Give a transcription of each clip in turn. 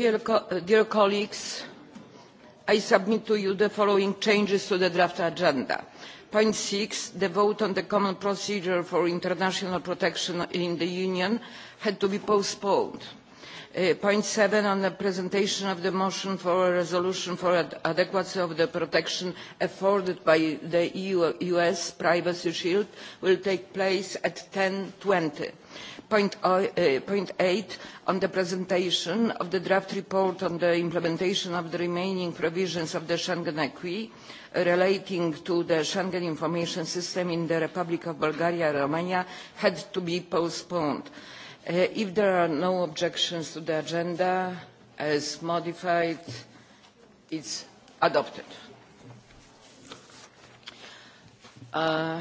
Dear, colleagues i submit to you the following changes to the draft agenda point six the vote on the common procedure for international protection in the union had to be postponed. Uh, point seven on the presentation of the motion for a resolution for adequacy of the protection afforded by the EU US privacy shield will take place at 10.20. Point, uh, point eight on the presentation of the draft report on the implementation of the remaining provisions of the Schengen Acquis relating to the Schengen information system in the Republic of Bulgaria and Romania had to be postponed. Uh, if there are no objections to the agenda as modified it is adopted. Uh,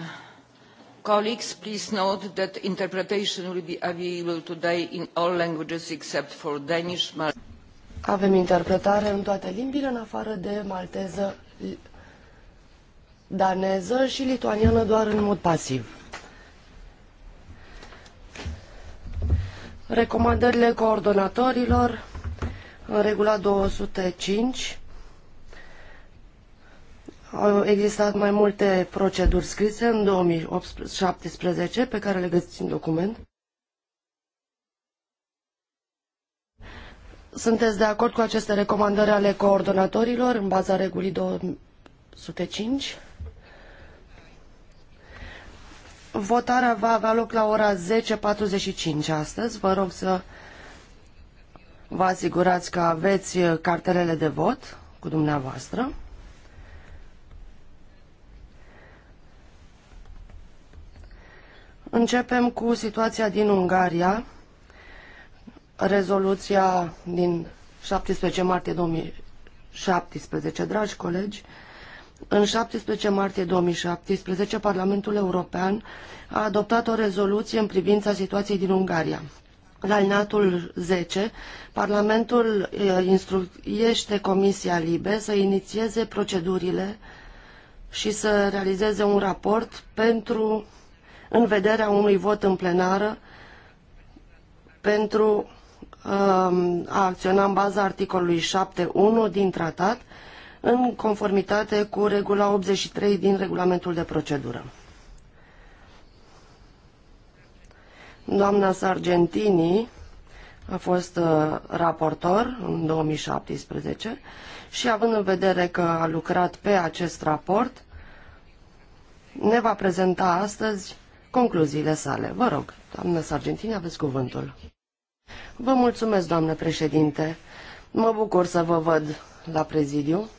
colleagues please note that interpretation will be available today in all languages except for danish Mal avem interpretare în toate limbile în afară de malteză daneză și lituaniană doar în mod pasiv. Recomandările coordonatorilor în regula 205 au existat mai multe proceduri scrise în 2017 pe care le găsiți în document. Sunteți de acord cu aceste recomandări ale coordonatorilor în baza regulii 205? Votarea va avea loc la ora 10.45 astăzi. Vă rog să vă asigurați că aveți cartelele de vot cu dumneavoastră. Începem cu situația din Ungaria, rezoluția din 17 martie 2017. Dragi colegi, în 17 martie 2017, Parlamentul European a adoptat o rezoluție în privința situației din Ungaria. La alinatul 10, Parlamentul instruiește Comisia Libe să inițieze procedurile și să realizeze un raport pentru în vederea unui vot în plenară pentru um, a acționa în baza articolului 7.1 din tratat în conformitate cu regula 83 din regulamentul de procedură. Doamna Sargentini a fost uh, raportor în 2017 și având în vedere că a lucrat pe acest raport, ne va prezenta astăzi concluziile sale. Vă rog, doamnă Sargentini, aveți cuvântul. Vă mulțumesc, doamnă președinte. Mă bucur să vă văd la prezidiu.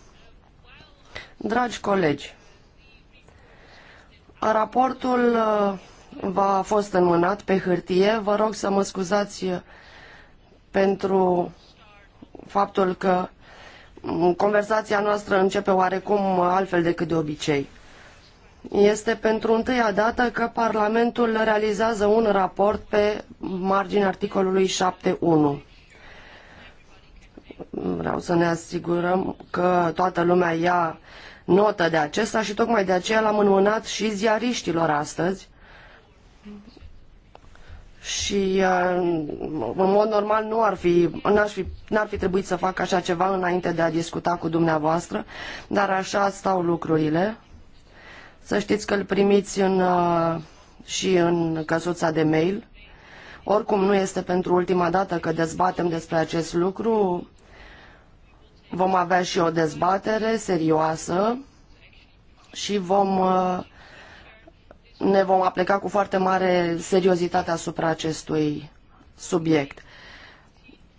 Dragi colegi, raportul uh, v-a fost înmânat pe hârtie. Vă rog să mă scuzați uh, pentru faptul că mm, conversația noastră începe oarecum uh, altfel decât de obicei. Este pentru întâia dată că Parlamentul realizează un raport pe marginea articolului 7.1 vreau să ne asigurăm că toată lumea ia notă de acesta și tocmai de aceea l-am înmânat și ziariștilor astăzi. Și uh, în mod normal nu ar fi, n-aș fi, n-ar fi trebuit să fac așa ceva înainte de a discuta cu dumneavoastră, dar așa stau lucrurile. Să știți că îl primiți în, uh, și în căsuța de mail. Oricum nu este pentru ultima dată că dezbatem despre acest lucru. Vom avea și o dezbatere serioasă și vom, uh, ne vom apleca cu foarte mare seriozitate asupra acestui subiect.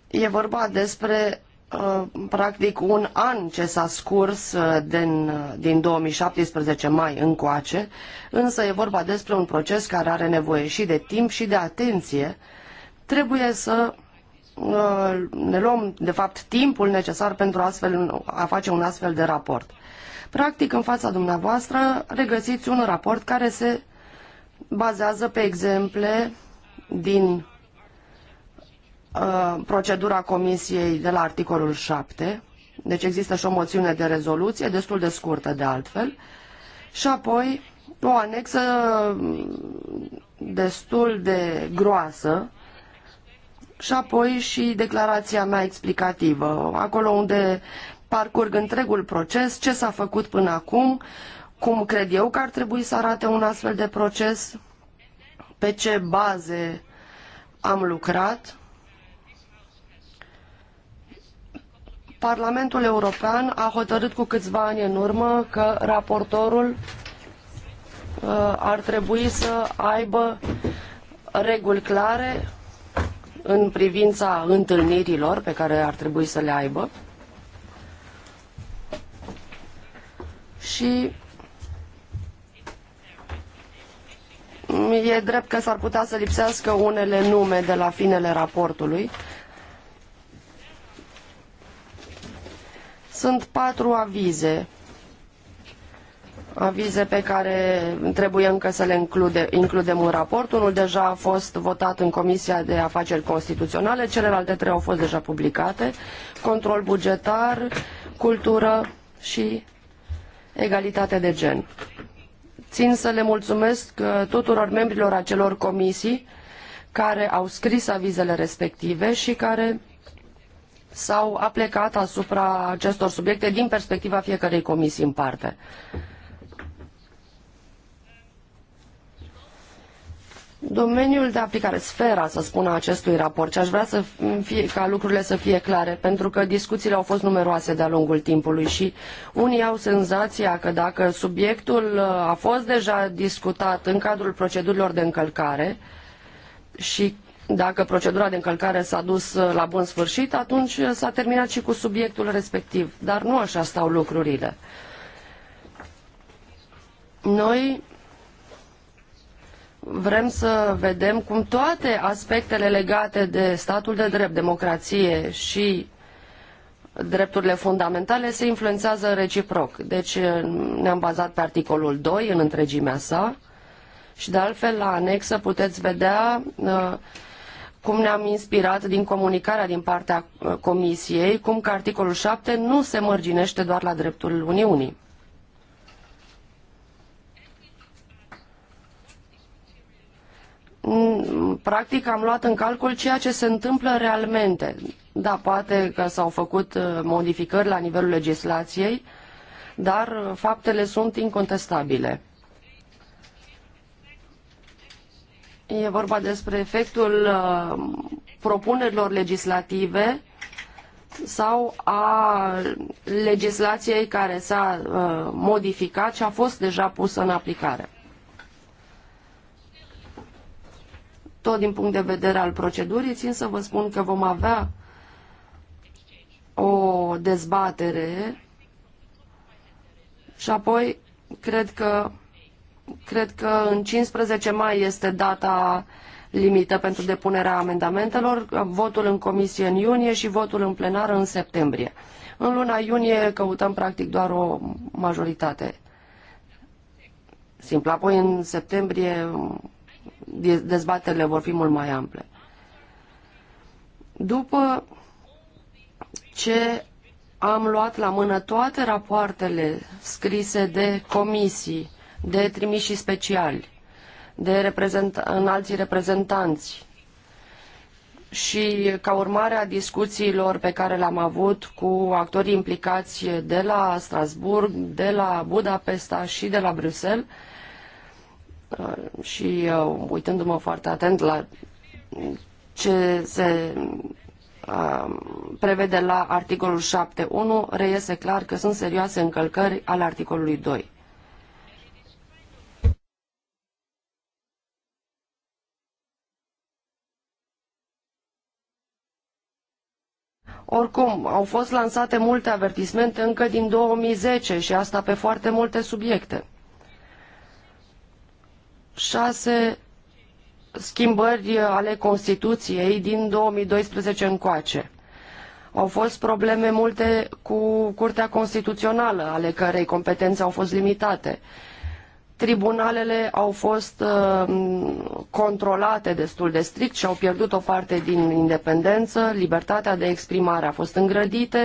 E vorba despre uh, practic un an ce s-a scurs uh, din, din 2017 mai încoace, însă e vorba despre un proces care are nevoie și de timp și de atenție. Trebuie să ne luăm, de fapt, timpul necesar pentru astfel, a face un astfel de raport. Practic, în fața dumneavoastră, regăsiți un raport care se bazează pe exemple din uh, procedura comisiei de la articolul 7, deci există și o moțiune de rezoluție, destul de scurtă de altfel, și apoi o anexă mm, destul de groasă, și apoi și declarația mea explicativă, acolo unde parcurg întregul proces, ce s-a făcut până acum, cum cred eu că ar trebui să arate un astfel de proces, pe ce baze am lucrat. Parlamentul European a hotărât cu câțiva ani în urmă că raportorul uh, ar trebui să aibă reguli clare în privința întâlnirilor pe care ar trebui să le aibă și e drept că s-ar putea să lipsească unele nume de la finele raportului. Sunt patru avize avize pe care trebuie încă să le include, includem în raport. Unul deja a fost votat în Comisia de Afaceri Constituționale, celelalte trei au fost deja publicate, control bugetar, cultură și egalitate de gen. Țin să le mulțumesc uh, tuturor membrilor acelor comisii care au scris avizele respective și care s-au aplecat asupra acestor subiecte din perspectiva fiecărei comisii în parte. Domeniul de aplicare, sfera, să spun, a acestui raport și aș vrea să fie, ca lucrurile să fie clare, pentru că discuțiile au fost numeroase de-a lungul timpului și unii au senzația că dacă subiectul uh, a fost deja discutat în cadrul procedurilor de încălcare și dacă procedura de încălcare s-a dus uh, la bun sfârșit, atunci uh, s-a terminat și cu subiectul respectiv. Dar nu așa stau lucrurile. Noi vrem să vedem cum toate aspectele legate de statul de drept, democrație și drepturile fundamentale se influențează reciproc. Deci eh, ne-am bazat pe articolul 2 în întregimea sa și de altfel la anexă puteți vedea eh, cum ne-am inspirat din comunicarea din partea eh, Comisiei, cum că articolul 7 nu se mărginește doar la dreptul Uniunii. Mm, practic am luat în calcul ceea ce se întâmplă realmente. Da, poate că s-au făcut uh, modificări la nivelul legislației, dar uh, faptele sunt incontestabile. E vorba despre efectul uh, propunerilor legislative sau a legislației care s-a modificat și a fost deja pusă în aplicare. tot din punct de vedere al procedurii. Țin să vă spun că vom avea o dezbatere și apoi cred că, cred că în 15 mai este data limită pentru depunerea amendamentelor, votul în comisie în iunie și votul în plenar în septembrie. În luna iunie căutăm practic doar o majoritate. Simplu, apoi în septembrie dezbaterile vor fi mult mai ample. După ce am luat la mână toate rapoartele scrise de comisii, de trimișii speciali, de reprezent alții reprezentanți și ca urmare a discuțiilor pe care le-am avut cu actorii implicați de la Strasbourg, de la Budapesta și de la Bruxelles, Uh, și uh, uitându-mă foarte atent la ce se uh, prevede la articolul 7.1, reiese clar că sunt serioase încălcări al articolului 2. Oricum, au fost lansate multe avertismente încă din 2010 și asta pe foarte multe subiecte șase schimbări ale Constituției din 2012 încoace. Au fost probleme multe cu Curtea Constituțională, ale cărei competențe au fost limitate. Tribunalele au fost uh, controlate destul de strict și au pierdut o parte din independență, libertatea de exprimare a fost îngrădită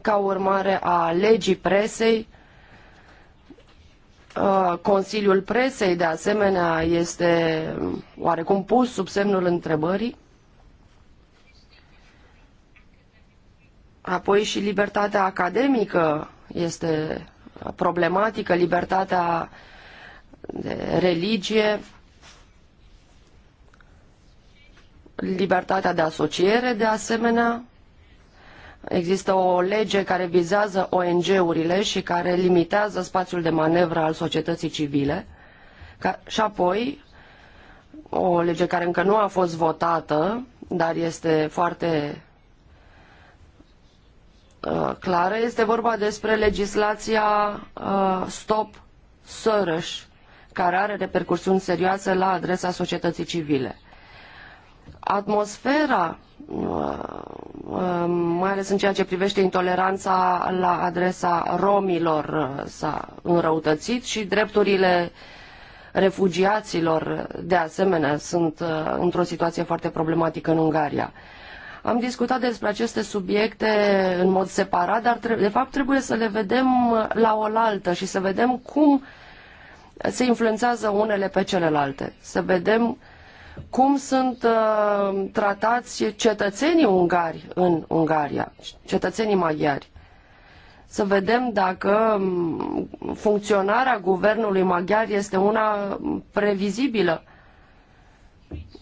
ca urmare a legii presei, Uh, Consiliul Presei, de asemenea, este oarecum pus sub semnul întrebării. Apoi și libertatea academică este problematică, libertatea de religie, libertatea de asociere, de asemenea, Există o lege care vizează ONG-urile și care limitează spațiul de manevră al societății civile ca, și apoi o lege care încă nu a fost votată, dar este foarte uh, clară, este vorba despre legislația uh, Stop Sărăș, care are repercursiuni serioase la adresa societății civile. Atmosfera mai ales în ceea ce privește intoleranța la adresa romilor uh, s-a înrăutățit și drepturile refugiaților de asemenea sunt uh, într-o situație foarte problematică în Ungaria. Am discutat despre aceste subiecte în mod separat, dar de fapt trebuie să le vedem la oaltă și să vedem cum se influențează unele pe celelalte. Să vedem uh, cum sunt uh, tratați cetățenii ungari în Ungaria, cetățenii maghiari. Să vedem dacă mm, funcționarea guvernului maghiar este una previzibilă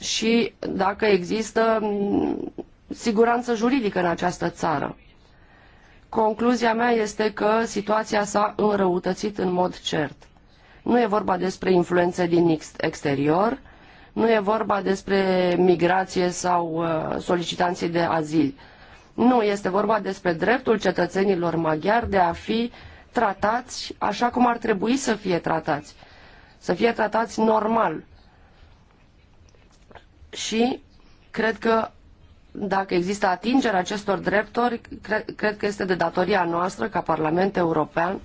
și dacă există mm, siguranță juridică în această țară. Concluzia mea este că situația s-a înrăutățit în mod cert. Nu e vorba despre influențe din exterior, nu e vorba despre migrație sau uh, solicitanții de azil. Nu, este vorba despre dreptul cetățenilor maghiari de a fi tratați așa cum ar trebui să fie tratați. Să fie tratați normal. Și cred că dacă există atingerea acestor drepturi, cred, cred că este de datoria noastră ca Parlament European,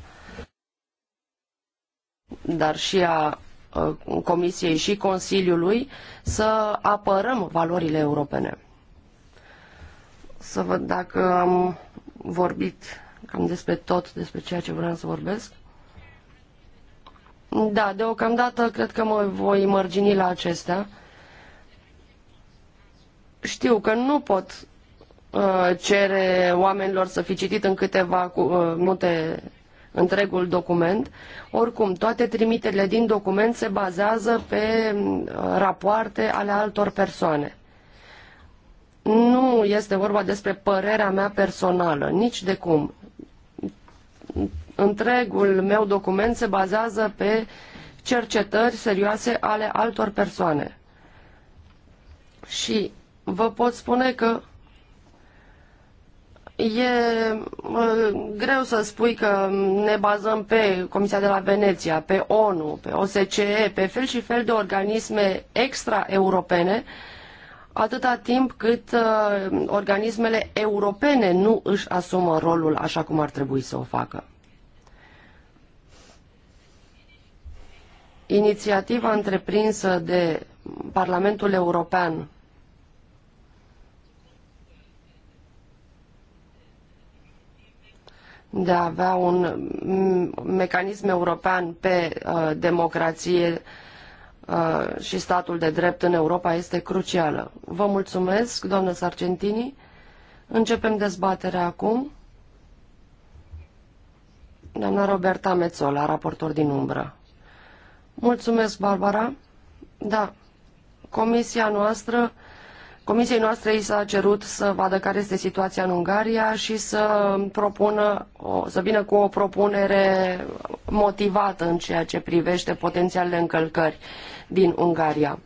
dar și a Uh, Comisiei și Consiliului să apărăm valorile europene. Să văd dacă am vorbit cam despre tot, despre ceea ce vreau să vorbesc. Da, deocamdată cred că mă voi mărgini la acestea. Știu că nu pot uh, cere oamenilor să fi citit în câteva uh, multe întregul document. Oricum, toate trimiterile din document se bazează pe uh, rapoarte ale altor persoane. Nu este vorba despre părerea mea personală, nici de cum. Întregul meu document se bazează pe cercetări serioase ale altor persoane. Și vă pot spune că E greu să spui că ne bazăm pe Comisia de la Veneția, pe ONU, pe OSCE, pe fel și fel de organisme extraeuropene, atâta timp cât uh, organismele europene nu își asumă rolul așa cum ar trebui să o facă. Inițiativa întreprinsă de Parlamentul European de a avea un mecanism european pe uh, democrație uh, și statul de drept în Europa este crucială. Vă mulțumesc, doamnă Sargentini. Începem dezbaterea acum. Doamna Roberta Mețola, raportor din umbră. Mulțumesc, Barbara. Da, comisia noastră Comisiei noastre i s-a cerut să vadă care este situația în Ungaria și să propună, să vină cu o propunere motivată în ceea ce privește potențialele încălcări din Ungaria.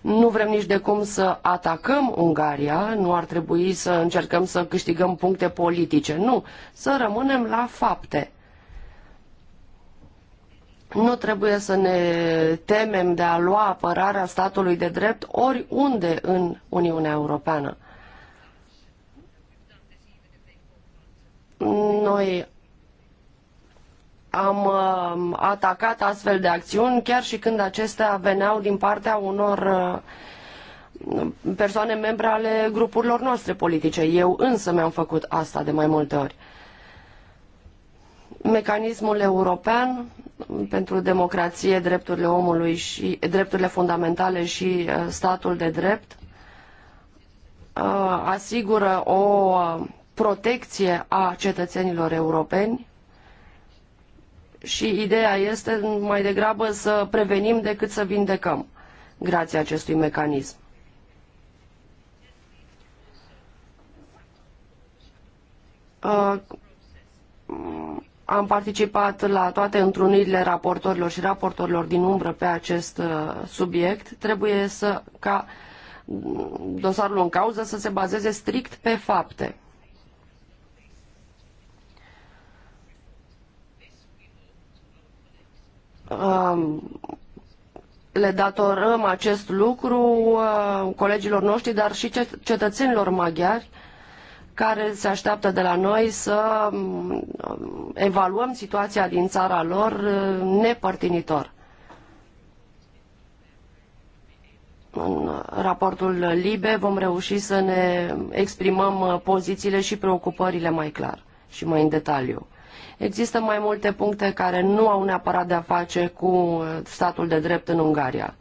Nu vrem nici de cum să atacăm Ungaria, nu ar trebui să încercăm să câștigăm puncte politice, nu, să rămânem la fapte nu trebuie să ne temem de a lua apărarea statului de drept oriunde în Uniunea Europeană. Noi am um, atacat astfel de acțiuni chiar și când acestea veneau din partea unor uh, persoane membre ale grupurilor noastre politice. Eu însă mi-am făcut asta de mai multe ori mecanismul european pentru democrație, drepturile omului și drepturile fundamentale și uh, statul de drept uh, asigură o uh, protecție a cetățenilor europeni și ideea este mai degrabă să prevenim decât să vindecăm grație acestui mecanism. Am participat la toate întrunirile raportorilor și raportorilor din umbră pe acest uh, subiect. Trebuie să, ca dosarul în cauză să se bazeze strict pe fapte. Um, le datorăm acest lucru uh, colegilor noștri, dar și cetățenilor maghiari care se așteaptă de la noi să mm, evaluăm situația din țara lor mm, nepărtinitor. În raportul LIBE vom reuși să ne exprimăm mm, pozițiile și preocupările mai clar și mai în detaliu. Există mai multe puncte care nu au neapărat de a face cu statul de drept în Ungaria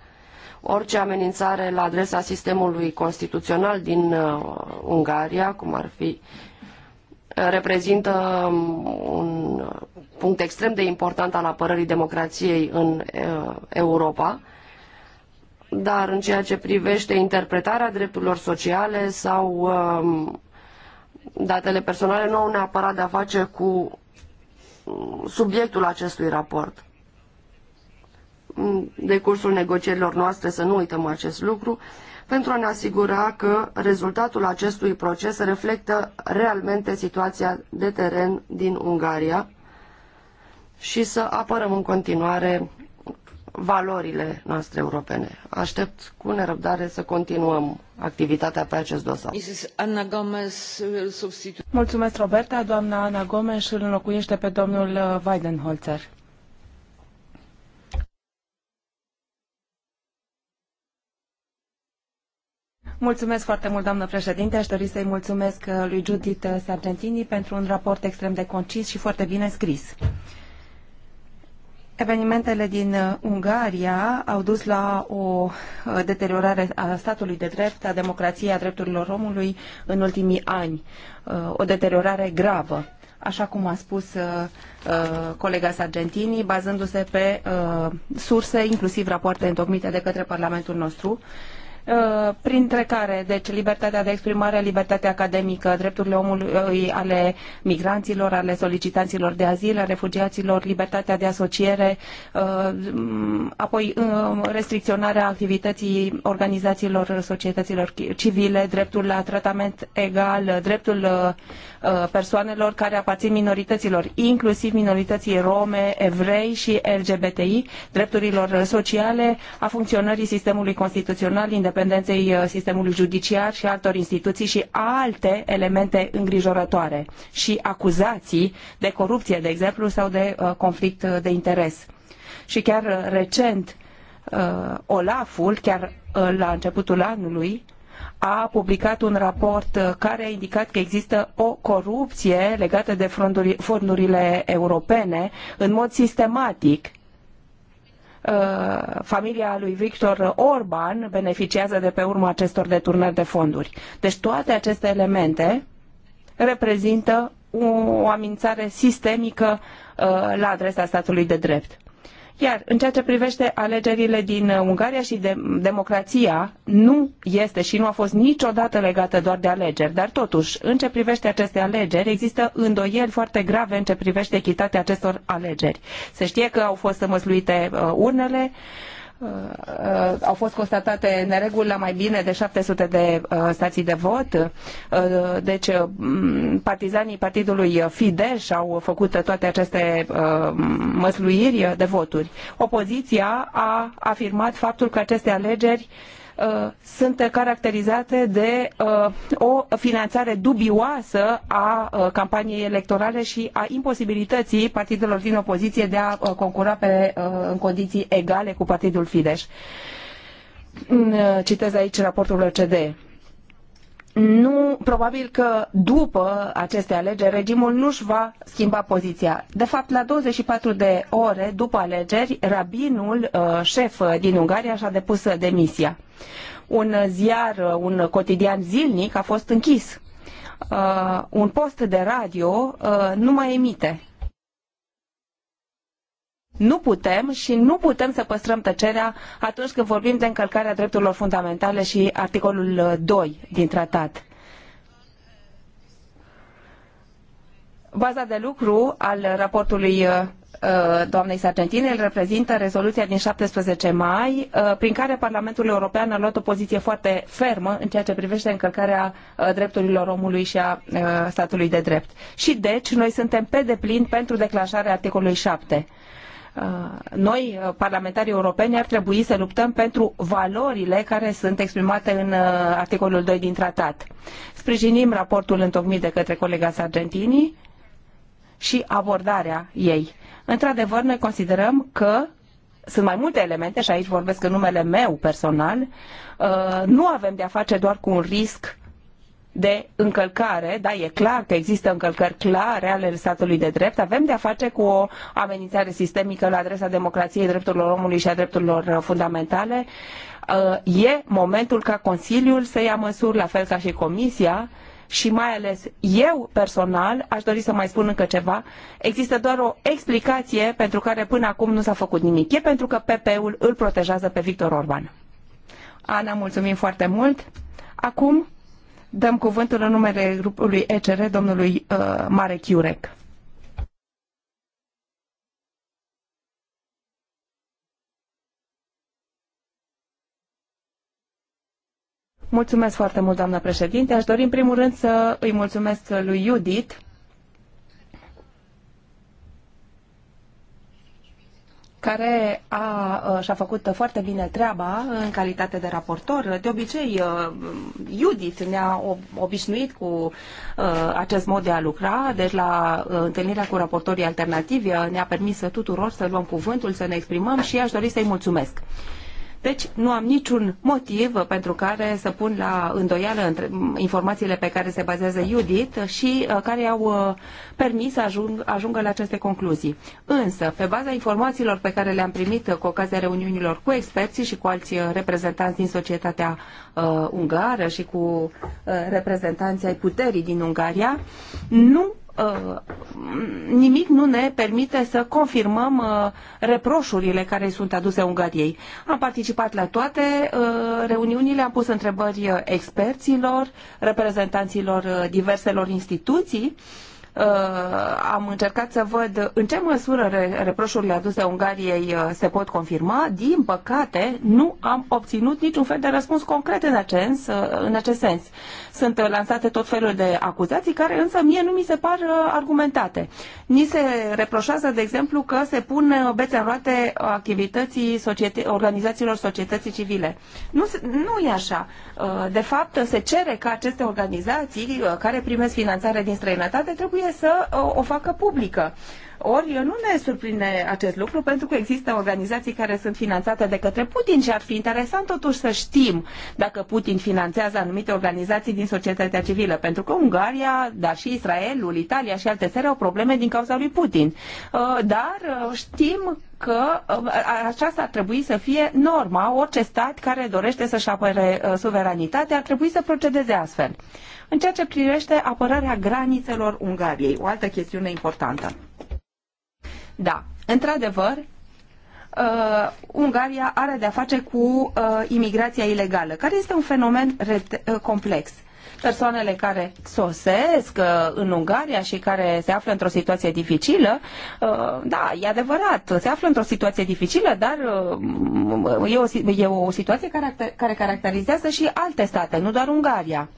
orice amenințare la adresa sistemului constituțional din uh, Ungaria, cum ar fi uh, reprezintă um, un punct extrem de important al apărării democrației în uh, Europa, dar în ceea ce privește interpretarea drepturilor sociale sau um, datele personale nu au neapărat de a face cu um, subiectul acestui raport de cursul negocierilor noastre să nu uităm acest lucru, pentru a ne asigura că rezultatul acestui proces reflectă realmente situația de teren din Ungaria și să apărăm în continuare valorile noastre europene. Aștept cu nerăbdare să continuăm activitatea pe acest dosar. Mulțumesc, Roberta. Doamna Ana Gomes îl înlocuiește pe domnul uh, Weidenholzer. Mulțumesc foarte mult, doamnă președinte. Aș dori să-i mulțumesc uh, lui Judith Sargentini pentru un raport extrem de concis și foarte bine scris. Evenimentele din uh, Ungaria au dus la o uh, deteriorare a statului de drept, a democrației, a drepturilor omului în ultimii ani. O deteriorare gravă, așa cum a spus colega Sargentini, bazându-se pe surse, inclusiv rapoarte întocmite de către Parlamentul nostru Uh, printre care, deci, libertatea de exprimare, libertatea academică, drepturile omului uh, ale migranților, ale solicitanților de azil, a refugiaților, libertatea de asociere, uh, apoi restricționarea activității organizațiilor societăților civile, dreptul la tratament egal, dreptul persoanelor care aparțin minorităților, inclusiv minorității rome, evrei și LGBTI, drepturilor sociale, a funcționării sistemului constituțional independent independenței uh, sistemului judiciar și altor instituții și alte elemente îngrijorătoare și acuzații de corupție, de exemplu, sau de uh, conflict de interes. Și chiar uh, recent, Olaful, chiar la începutul anului, a publicat un raport care a indicat că există o corupție legată de fondurile europene în mod sistematic Uh, familia lui Victor Orban beneficiază de pe urma acestor deturnări de fonduri. Deci toate aceste elemente reprezintă o amințare sistemică uh, la adresa statului de drept. Iar în ceea ce privește alegerile din uh, Ungaria și de, democrația, nu este și nu a fost niciodată legată doar de alegeri. Dar totuși, în ce privește aceste alegeri, există îndoieli foarte grave în ce privește echitatea acestor alegeri. Se știe că au fost măsluite uh, urnele, uh, Uh, uh, au fost constatate nereguli la mai bine de 700 de uh, stații de vot. Deci partizanii partidului Fidesz au făcut toate aceste măsluiri de voturi. Opoziția a afirmat faptul că aceste alegeri Uh, sunt caracterizate de uh, o finanțare dubioasă a uh, campaniei electorale și a imposibilității partidelor din opoziție de a concura pe, în condiții egale cu partidul Fidesz. Mm, citez aici raportul OCDE nu, probabil că după aceste alegeri regimul nu își va schimba poziția. De fapt, la 24 de ore după alegeri, rabinul uh, șef din Ungaria și-a depus demisia. Un ziar, uh, un cotidian zilnic a fost închis. Uh, un post de radio nu mai emite nu putem și nu putem să păstrăm tăcerea atunci când vorbim de încălcarea drepturilor fundamentale și articolul 2 uh, din tratat. Baza de lucru al raportului uh, uh, doamnei Sargentini îl reprezintă rezoluția din 17 mai, prin care Parlamentul European a luat o poziție foarte fermă în ceea ce privește încălcarea drepturilor omului și a statului de drept. Și deci, noi suntem pe deplin pentru declanșarea articolului 7. Uh, noi, uh, parlamentarii europeni, ar trebui să luptăm pentru valorile care sunt exprimate în uh, articolul 2 din tratat. Sprijinim raportul întocmit de către colega Sargentini și abordarea ei. Într-adevăr, noi considerăm că sunt mai multe elemente, și aici vorbesc în numele meu personal, nu avem de-a face doar cu un risc de încălcare, da, e clar că există încălcări clare ale statului de drept, avem de a face cu o amenințare sistemică la adresa democrației, drepturilor omului și a drepturilor uh, fundamentale, uh, e momentul ca Consiliul să ia măsuri, la fel ca și Comisia, și mai ales eu personal aș dori să mai spun încă ceva. Există doar o explicație pentru care până acum nu s-a făcut nimic. E pentru că PP-ul îl protejează pe Victor Orban. Ana, mulțumim foarte mult. Acum Dăm cuvântul în numele grupului ECR, domnului uh, Marek Iurec. Mulțumesc foarte mult, doamnă președinte. Aș dori în primul rând să îi mulțumesc lui Judith care a, și-a făcut foarte bine treaba în calitate de raportor. De obicei, Judith ne-a obișnuit cu acest mod de a lucra, deci la întâlnirea cu raportorii alternativi ne-a permis tuturor să luăm cuvântul, să ne exprimăm și aș dori să-i mulțumesc. Deci nu am niciun motiv pentru care să pun la îndoială informațiile pe care se bazează Judith și uh, care au uh, permis să ajung, ajungă la aceste concluzii. Însă, pe baza informațiilor pe care le-am primit uh, cu ocazia reuniunilor cu experții și cu alți reprezentanți din societatea uh, ungară și cu uh, reprezentanții ai puterii din Ungaria, nu Uh, nimic nu ne permite să confirmăm uh, reproșurile care sunt aduse Ungariei. Am participat la toate uh, reuniunile, am pus întrebări experților, reprezentanților diverselor instituții am încercat să văd în ce măsură reproșurile aduse Ungariei se pot confirma. Din păcate, nu am obținut niciun fel de răspuns concret în acest, în acest sens. Sunt lansate tot felul de acuzații care însă mie nu mi se par uh, argumentate. Ni se reproșează, de exemplu, că se pun uh, bețe în roate activității societe- organizațiilor societății civile. Nu, nu e așa. Uh, de fapt, se cere ca aceste organizații care primesc finanțare din străinătate trebuie să o facă publică. Ori nu ne surprinde acest lucru pentru că există organizații care sunt finanțate de către Putin și ar fi interesant totuși să știm dacă Putin finanțează anumite organizații din societatea civilă, pentru că Ungaria, dar și Israelul, Italia și alte țări au probleme din cauza lui Putin. Uh, dar uh, știm că uh, aceasta ar trebui să fie norma. Orice stat care dorește să-și apere suveranitatea ar trebui să procedeze astfel. În ceea ce privește apărarea granițelor Ungariei, o altă chestiune importantă. Da, într-adevăr, uh, Ungaria are de-a face cu uh, imigrația ilegală, care este un fenomen uh, complex. Persoanele care sosesc uh, în Ungaria și care se află într-o situație dificilă, uh, da, e adevărat, se află într-o situație dificilă, dar uh, e, o, e o situație care caracterizează și alte state, nu doar Ungaria.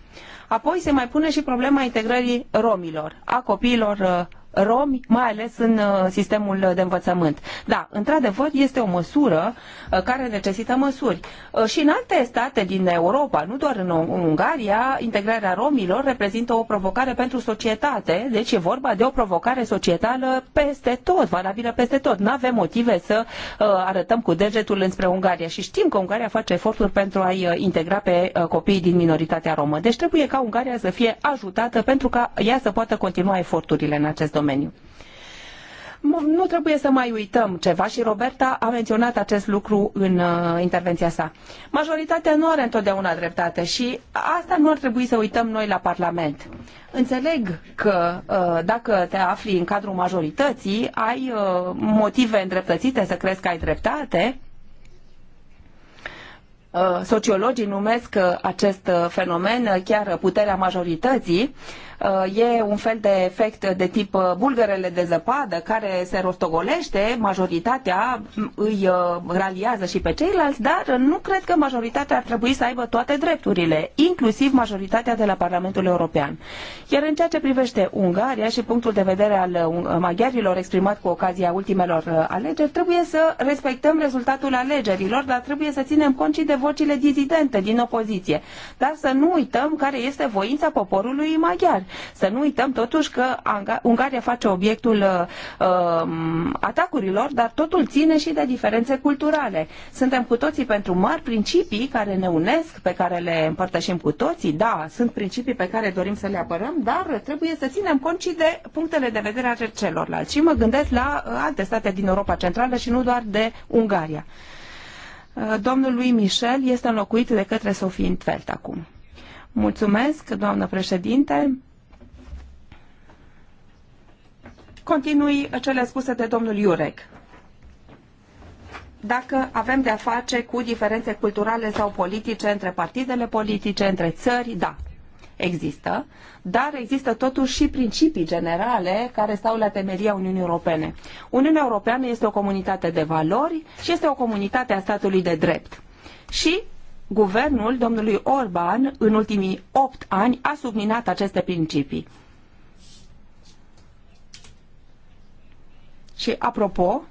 Apoi se mai pune și problema integrării romilor, a copiilor romi, mai ales în uh, sistemul de învățământ. Da, într-adevăr, este o măsură uh, care necesită măsuri. Uh, și în alte state din Europa, nu doar în Ungaria, integrarea romilor reprezintă o provocare pentru societate, deci e vorba de o provocare societală peste tot, valabilă peste tot. Nu avem motive să arătăm cu degetul înspre Ungaria și știm că Ungaria face eforturi pentru a-i integra pe copiii din minoritatea romă. Deci trebuie ca Ungaria să fie ajutată pentru ca ea să poată continua eforturile în acest domeniu domeniu. Nu trebuie să mai uităm ceva și Roberta a menționat acest lucru în uh, intervenția sa. Majoritatea nu are întotdeauna dreptate și asta nu ar trebui să uităm noi la Parlament. Înțeleg că uh, dacă te afli în cadrul majorității, ai uh, motive îndreptățite să crezi că ai dreptate, uh, sociologii numesc uh, acest uh, fenomen chiar puterea majorității, e un fel de efect de tip uh, bulgărele de zăpadă care se rostogolește, majoritatea îi uh, raliază și pe ceilalți, dar nu cred că majoritatea ar trebui să aibă toate drepturile, inclusiv majoritatea de la Parlamentul European. Iar în ceea ce privește Ungaria și punctul de vedere al uh, maghiarilor exprimat cu ocazia ultimelor alegeri, trebuie să respectăm rezultatul alegerilor, dar trebuie să ținem cont și de vocile dizidente din opoziție. Dar să nu uităm care este voința poporului maghiar. Să nu uităm totuși că Ungaria face obiectul uh, um, atacurilor, dar totul ține și de diferențe culturale. Suntem cu toții pentru mari principii care ne unesc, pe care le împărtășim cu toții, da, sunt principii pe care dorim să le apărăm, dar trebuie să ținem cont și de punctele de vedere ale celorlalți. Și mă gândesc la uh, alte state din Europa Centrală și nu doar de Ungaria. Uh, domnul lui Michel este înlocuit de către Sofie Intfelt acum. Mulțumesc, doamnă președinte. continui cele spuse de domnul Iurec. Dacă avem de-a face cu diferențe culturale sau politice între partidele politice, între țări, da, există, dar există totuși și principii generale care stau la temelia Uniunii Europene. Uniunea Europeană este o comunitate de valori și este o comunitate a statului de drept. Și guvernul domnului Orban în ultimii opt ani a subminat aceste principii. Și apropo,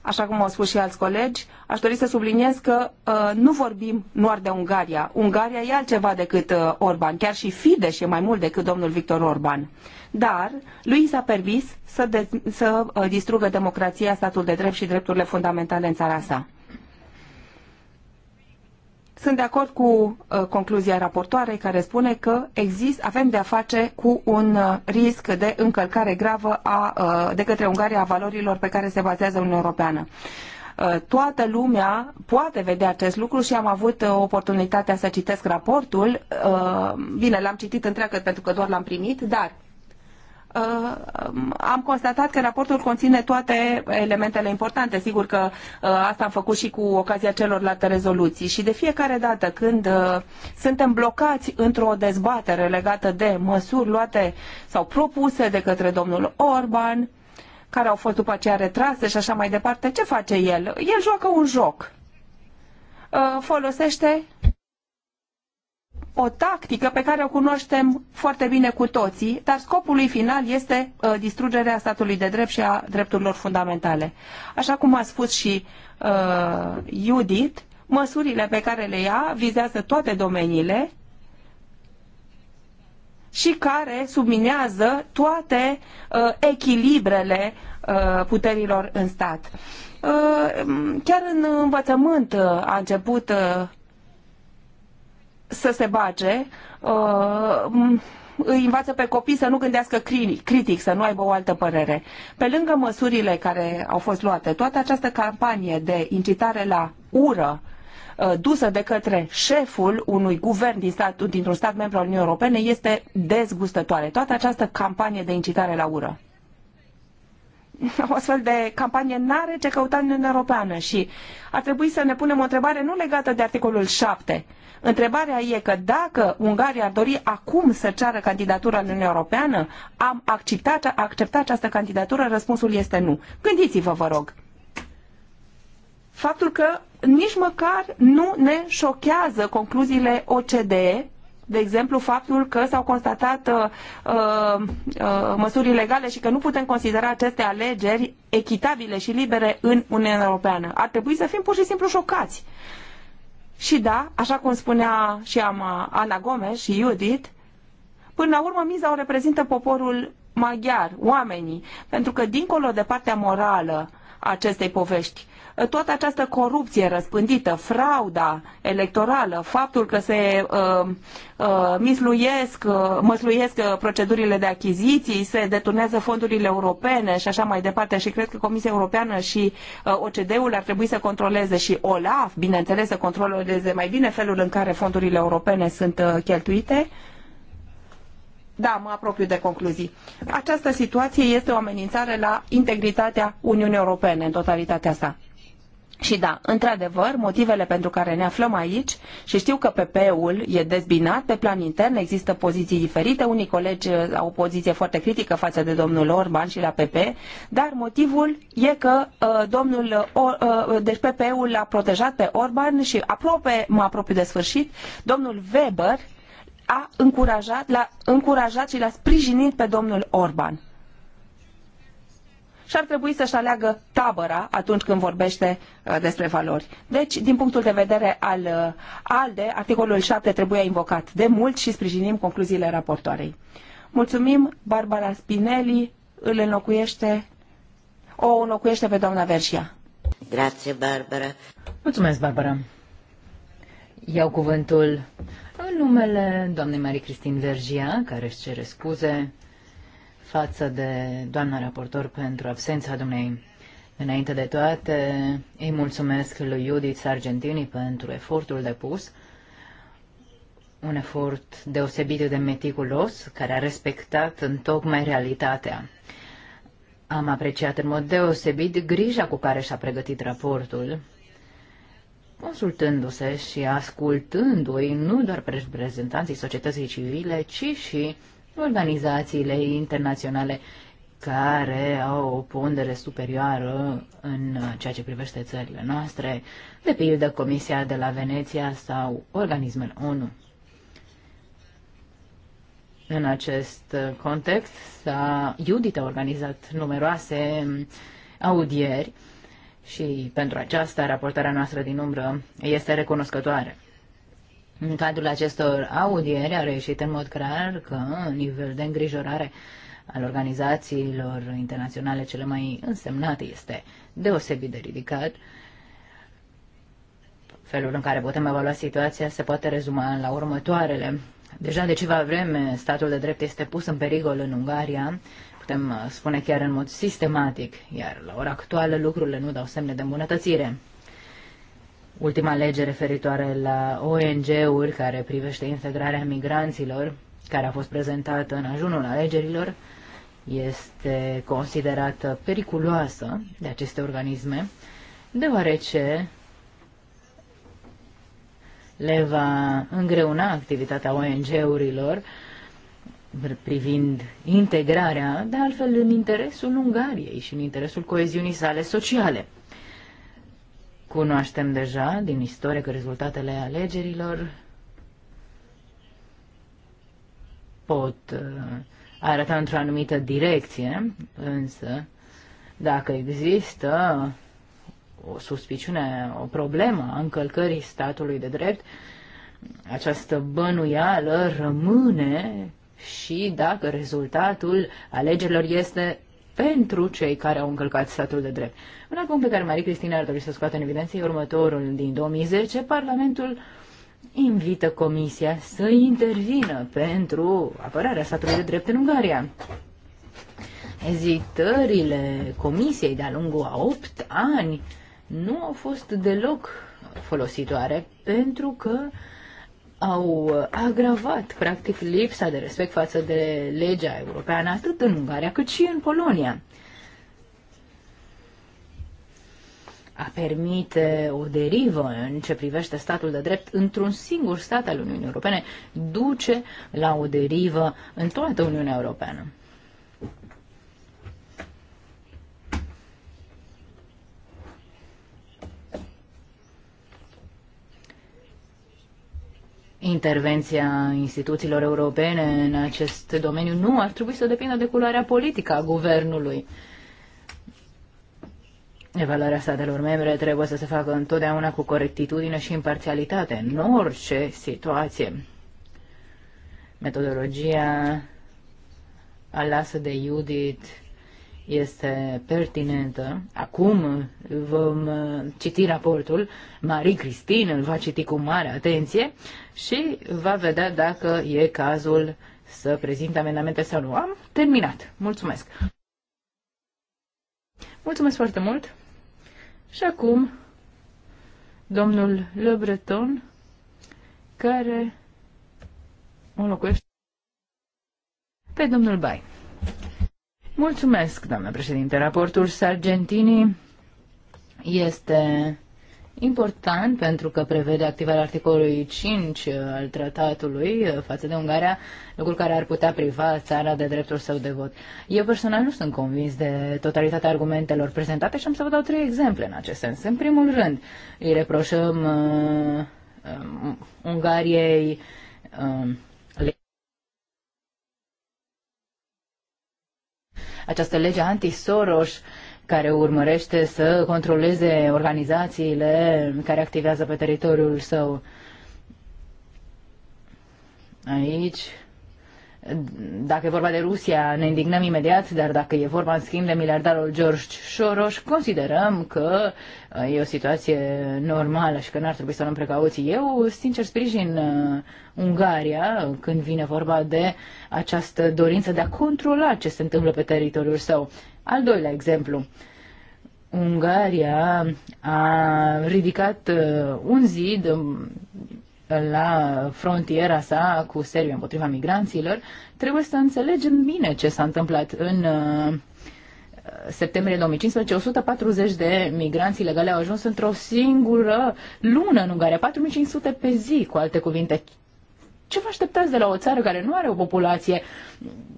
așa cum au spus și alți colegi, aș dori să subliniez că uh, nu vorbim doar de Ungaria. Ungaria e altceva decât uh, Orban, chiar și Fidesz e mai mult decât domnul Victor Orban. Dar lui s-a permis să, de- să uh, distrugă democrația, statul de drept și drepturile fundamentale în țara sa. Sunt de acord cu uh, concluzia raportoarei care spune că exist, avem de a face cu un uh, risc de încălcare gravă a, uh, de către Ungaria a valorilor pe care se bazează Uniunea Europeană toată lumea poate vedea acest lucru și am avut oportunitatea să citesc raportul. Bine, l-am citit întreagăt pentru că doar l-am primit, dar Uh, am constatat că raportul conține toate elementele importante. Sigur că uh, asta am făcut și cu ocazia celorlalte rezoluții și de fiecare dată când uh, suntem blocați într-o dezbatere legată de măsuri luate sau propuse de către domnul Orban, care au fost după aceea retrase și așa mai departe, ce face el? El joacă un joc. Folosește o tactică pe care o cunoaștem foarte bine cu toții, dar scopul lui final este uh, distrugerea statului de drept și a drepturilor fundamentale. Așa cum a spus și uh, Judith, măsurile pe care le ia vizează toate domeniile și care subminează toate uh, echilibrele uh, puterilor în stat. Uh, chiar în învățământ uh, a început uh, să se bage, uh, îi învață pe copii să nu gândească critic, să nu aibă o altă părere. Pe lângă măsurile care au fost luate, toată această campanie de incitare la ură uh, dusă de către șeful unui guvern din stat, dintr-un stat membru al Uniunii Europene este dezgustătoare. Toată această campanie de incitare la ură. O astfel de campanie n-are ce căuta în Uniunea Europeană și ar trebui să ne punem o întrebare nu legată de articolul 7, Întrebarea e că dacă Ungaria ar dori acum să ceară candidatura în Uniunea Europeană, am acceptat, acceptat această candidatură? Răspunsul este nu. Gândiți-vă, vă rog. Faptul că nici măcar nu ne șochează concluziile OCDE, de exemplu, faptul că s-au constatat uh, uh, uh, măsuri ilegale și că nu putem considera aceste alegeri echitabile și libere în Uniunea Europeană. Ar trebui să fim pur și simplu șocați. Uh, și da, așa cum spunea și am uh, Ana Gomes și Judith, până la urmă miza o reprezintă poporul maghiar, oamenii, pentru că dincolo de partea morală a acestei povești, toată această corupție răspândită, frauda electorală, faptul că se uh, uh, misluiesc, uh, măsluiesc uh, procedurile de achiziții, se deturnează fondurile europene și așa mai departe și cred că Comisia Europeană și uh, OCD-ul ar trebui să controleze și OLAF, bineînțeles, să controleze mai bine felul în care fondurile europene sunt uh, cheltuite. Da, mă apropiu de concluzii. Această situație este o amenințare la integritatea Uniunii Europene în totalitatea sa. Și da, într-adevăr, motivele pentru care ne aflăm aici, și știu că PP-ul e dezbinat pe plan intern, există poziții diferite, unii colegi uh, au o poziție foarte critică față de domnul Orban și la PP, dar motivul e că uh, domnul, uh, uh deci PP-ul l-a protejat pe Orban și aproape, mă apropiu de sfârșit, domnul Weber a încurajat, l-a încurajat și l-a sprijinit pe domnul Orban și ar trebui să-și aleagă tabăra atunci când vorbește uh, despre valori. Deci, din punctul de vedere al uh, ALDE, articolul 7 trebuie invocat de mult și sprijinim concluziile raportoarei. Mulțumim, Barbara Spinelli îl înlocuiește, o înlocuiește pe doamna Vergia. Grație, Barbara. Mulțumesc, Barbara. Iau cuvântul în numele doamnei Marie Cristin Vergia, care își cere scuze față de doamna raportor pentru absența dumnei. Înainte de toate, îi mulțumesc lui Judith Sargentini pentru efortul depus, un efort deosebit de meticulos, care a respectat în tocmai realitatea. Am apreciat în mod deosebit grija cu care și-a pregătit raportul, consultându-se și ascultându-i nu doar pe reprezentanții societății civile, ci și organizațiile internaționale care au o pondere superioară în ceea ce privește țările noastre, de pildă Comisia de la Veneția sau organismele ONU. În acest context, Judith a organizat numeroase audieri și pentru aceasta raportarea noastră din umbră este recunoscătoare. În cadrul acestor audieri a reușit în mod clar că nivel de îngrijorare al organizațiilor internaționale cele mai însemnate este deosebit de ridicat. Felul în care putem evalua situația se poate rezuma la următoarele. Deja de ceva vreme statul de drept este pus în pericol în Ungaria, putem uh, spune chiar în mod sistematic, iar la ora actuală lucrurile nu dau semne de îmbunătățire ultima lege referitoare la ONG-uri care privește integrarea migranților, care a fost prezentată în ajunul alegerilor, este considerată periculoasă de aceste organisme, deoarece le va îngreuna activitatea ONG-urilor privind integrarea, de altfel în interesul Ungariei și în interesul coeziunii sale sociale. Cunoaștem deja din că rezultatele alegerilor. Pot uh, arăta într-o anumită direcție, însă dacă există o suspiciune, o problemă a încălcării statului de drept, această bănuială rămâne și dacă rezultatul alegerilor este pentru cei care au încălcat statul de drept. Un alt punct pe care Marie Cristina ar trebui să scoată în evidență e următorul. Din 2010, Parlamentul invită Comisia să intervină pentru apărarea statului de drept în Ungaria. Ezitările Comisiei de-a lungul a 8 ani nu au fost deloc folositoare pentru că uh, au agravat, practic, lipsa de respect față de legea europeană, atât în Ungaria cât și în Polonia. A permite o derivă în ce privește statul de drept într-un singur stat al Uniunii Europene duce la o derivă în toată Uniunea Europeană. intervenția instituțiilor europene în acest domeniu nu ar trebui să depindă de culoarea politică a guvernului. Evaluarea statelor membre trebuie să se facă întotdeauna cu corectitudine și imparțialitate în orice situație. Metodologia alasă de Judith este pertinentă. Acum vom uh, citi raportul. Marie Cristin îl va citi cu mare atenție și va vedea dacă e cazul să prezint amendamente sau nu. Am terminat. Mulțumesc! Mulțumesc foarte mult! Și acum, domnul Le Breton, care o locuiește pe domnul Bai. Mulțumesc, doamnă președinte. Raportul Sargentini este important pentru că prevede activarea articolului 5 uh, al tratatului uh, față de Ungaria, lucru care ar putea priva țara de dreptul său de vot. Eu personal nu sunt convins de totalitatea argumentelor prezentate și am să vă dau trei exemple în acest sens. În primul rând, îi reproșăm uh, um, Ungariei uh, această lege anti-Soros uh, care urmărește să controleze organizațiile care activează pe teritoriul său. Aici, dacă e vorba de Rusia, ne indignăm imediat, dar dacă e vorba, în schimb, de miliardarul George Soros, considerăm că uh, e o situație normală și că n-ar trebui să luăm precauții. Eu, sincer, sprijin uh, Ungaria când vine vorba de această dorință de a controla ce se întâmplă pe teritoriul său. Al doilea exemplu. Ungaria a ridicat uh, un zid um, la frontiera sa cu Serbia împotriva migranților, trebuie să înțelegem bine ce s-a întâmplat în uh, septembrie 2015, 140 de migranți ilegale au ajuns într-o singură lună în Ungaria, 4500 pe zi, cu alte cuvinte ce vă așteptați de la o țară care nu are o populație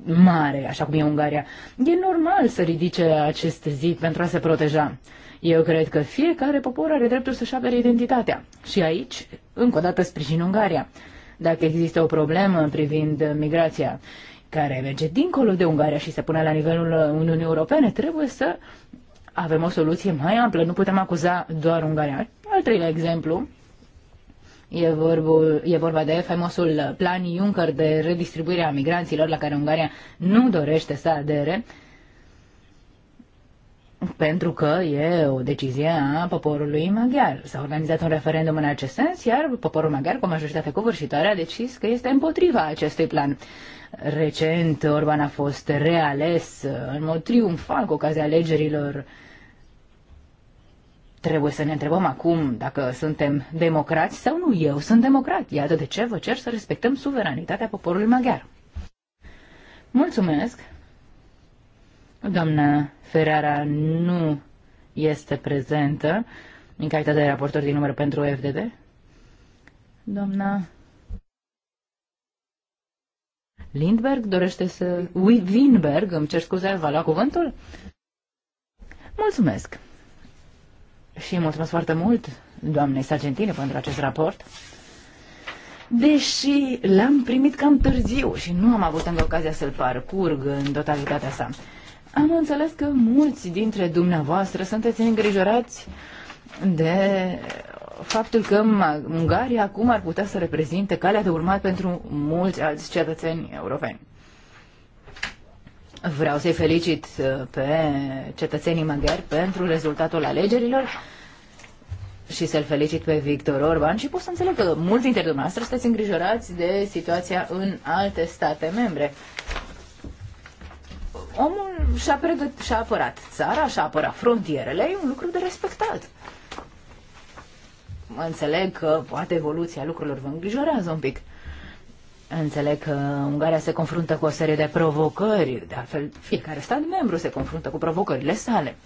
mare, așa cum e Ungaria? E normal să ridice acest zid pentru a se proteja. Eu cred că fiecare popor are dreptul să-și apere identitatea. Și aici, încă o dată, sprijin Ungaria. Dacă există o problemă privind migrația care merge dincolo de Ungaria și se pune la nivelul Uniunii Europene, trebuie să avem o soluție mai amplă. Nu putem acuza doar Ungaria. Al treilea exemplu, E, vorbul, e vorba de faimosul plan Juncker de redistribuire a migranților la care Ungaria nu dorește să adere pentru că e o decizie a poporului maghiar. S-a organizat un referendum în acest sens, iar poporul maghiar, cu majoritate covârșitoare, a decis că este împotriva acestui plan. Recent, Orban a fost reales în mod triumfal cu ocazia alegerilor uh, Trebuie să ne întrebăm acum dacă suntem democrați sau nu. Eu sunt democrat. Iată de ce vă cer să respectăm suveranitatea poporului maghiar. Mulțumesc. Doamna Ferrara nu este prezentă în calitate de raportor din număr pentru FDD. Doamna Lindberg dorește să... Winberg, îmi cer scuze, va lua cuvântul? Mulțumesc și mulțumesc foarte mult doamnei Sargentine pentru acest raport. Deși l-am primit cam târziu și nu am avut încă ocazia să-l parcurg în totalitatea sa, am înțeles că mulți dintre dumneavoastră sunteți îngrijorați de faptul că Ungaria acum ar putea să reprezinte calea de urmat pentru mulți alți cetățeni europeni. Vreau să-i felicit uh, pe cetățenii maghiari pentru rezultatul alegerilor și să-l felicit pe Victor Orban și pot să înțeleg că mulți dintre dumneavoastră sunteți îngrijorați de situația în alte state membre. Omul și-a, pregăt- și apărat țara, și-a apărat frontierele, e un lucru de respectat. Mă înțeleg că poate evoluția lucrurilor vă îngrijorează un pic. Înțeleg că Ungaria se confruntă cu o serie de provocări, de altfel fiecare stat membru se confruntă cu provocările sale.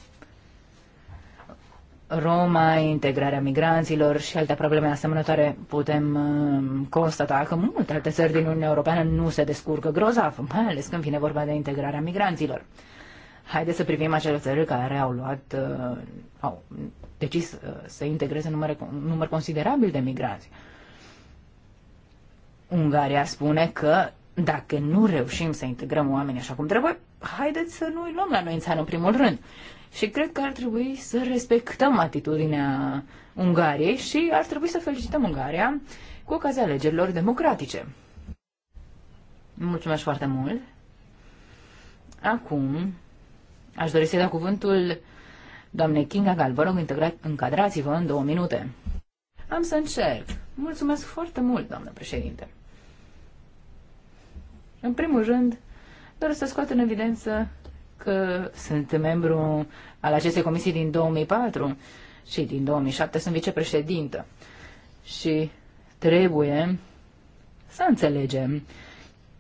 Roma, integrarea migranților și alte probleme asemănătoare, putem uh, constata că multe alte țări din Uniunea Europeană nu se descurcă grozav, mai ales când vine vorba de integrarea migranților. Haideți să privim acele țări care au luat, uh, au decis uh, să integreze număr, număr considerabil de migranți. Ungaria spune că dacă nu reușim să integrăm oamenii așa cum trebuie, haideți să nu-i luăm la noi în țară în primul rând. Și cred că ar trebui să respectăm atitudinea Ungariei și ar trebui să felicităm Ungaria cu ocazia alegerilor democratice. Mulțumesc foarte mult. Acum aș dori să-i dau cuvântul doamnei Kinga Gal. Vă rog, încadrați-vă în două minute. Am să încerc. Mulțumesc foarte mult, doamnă președinte. În primul rând, doresc să scot în evidență că sunt membru al acestei comisii din 2004 și din 2007 sunt vicepreședintă. Și trebuie să înțelegem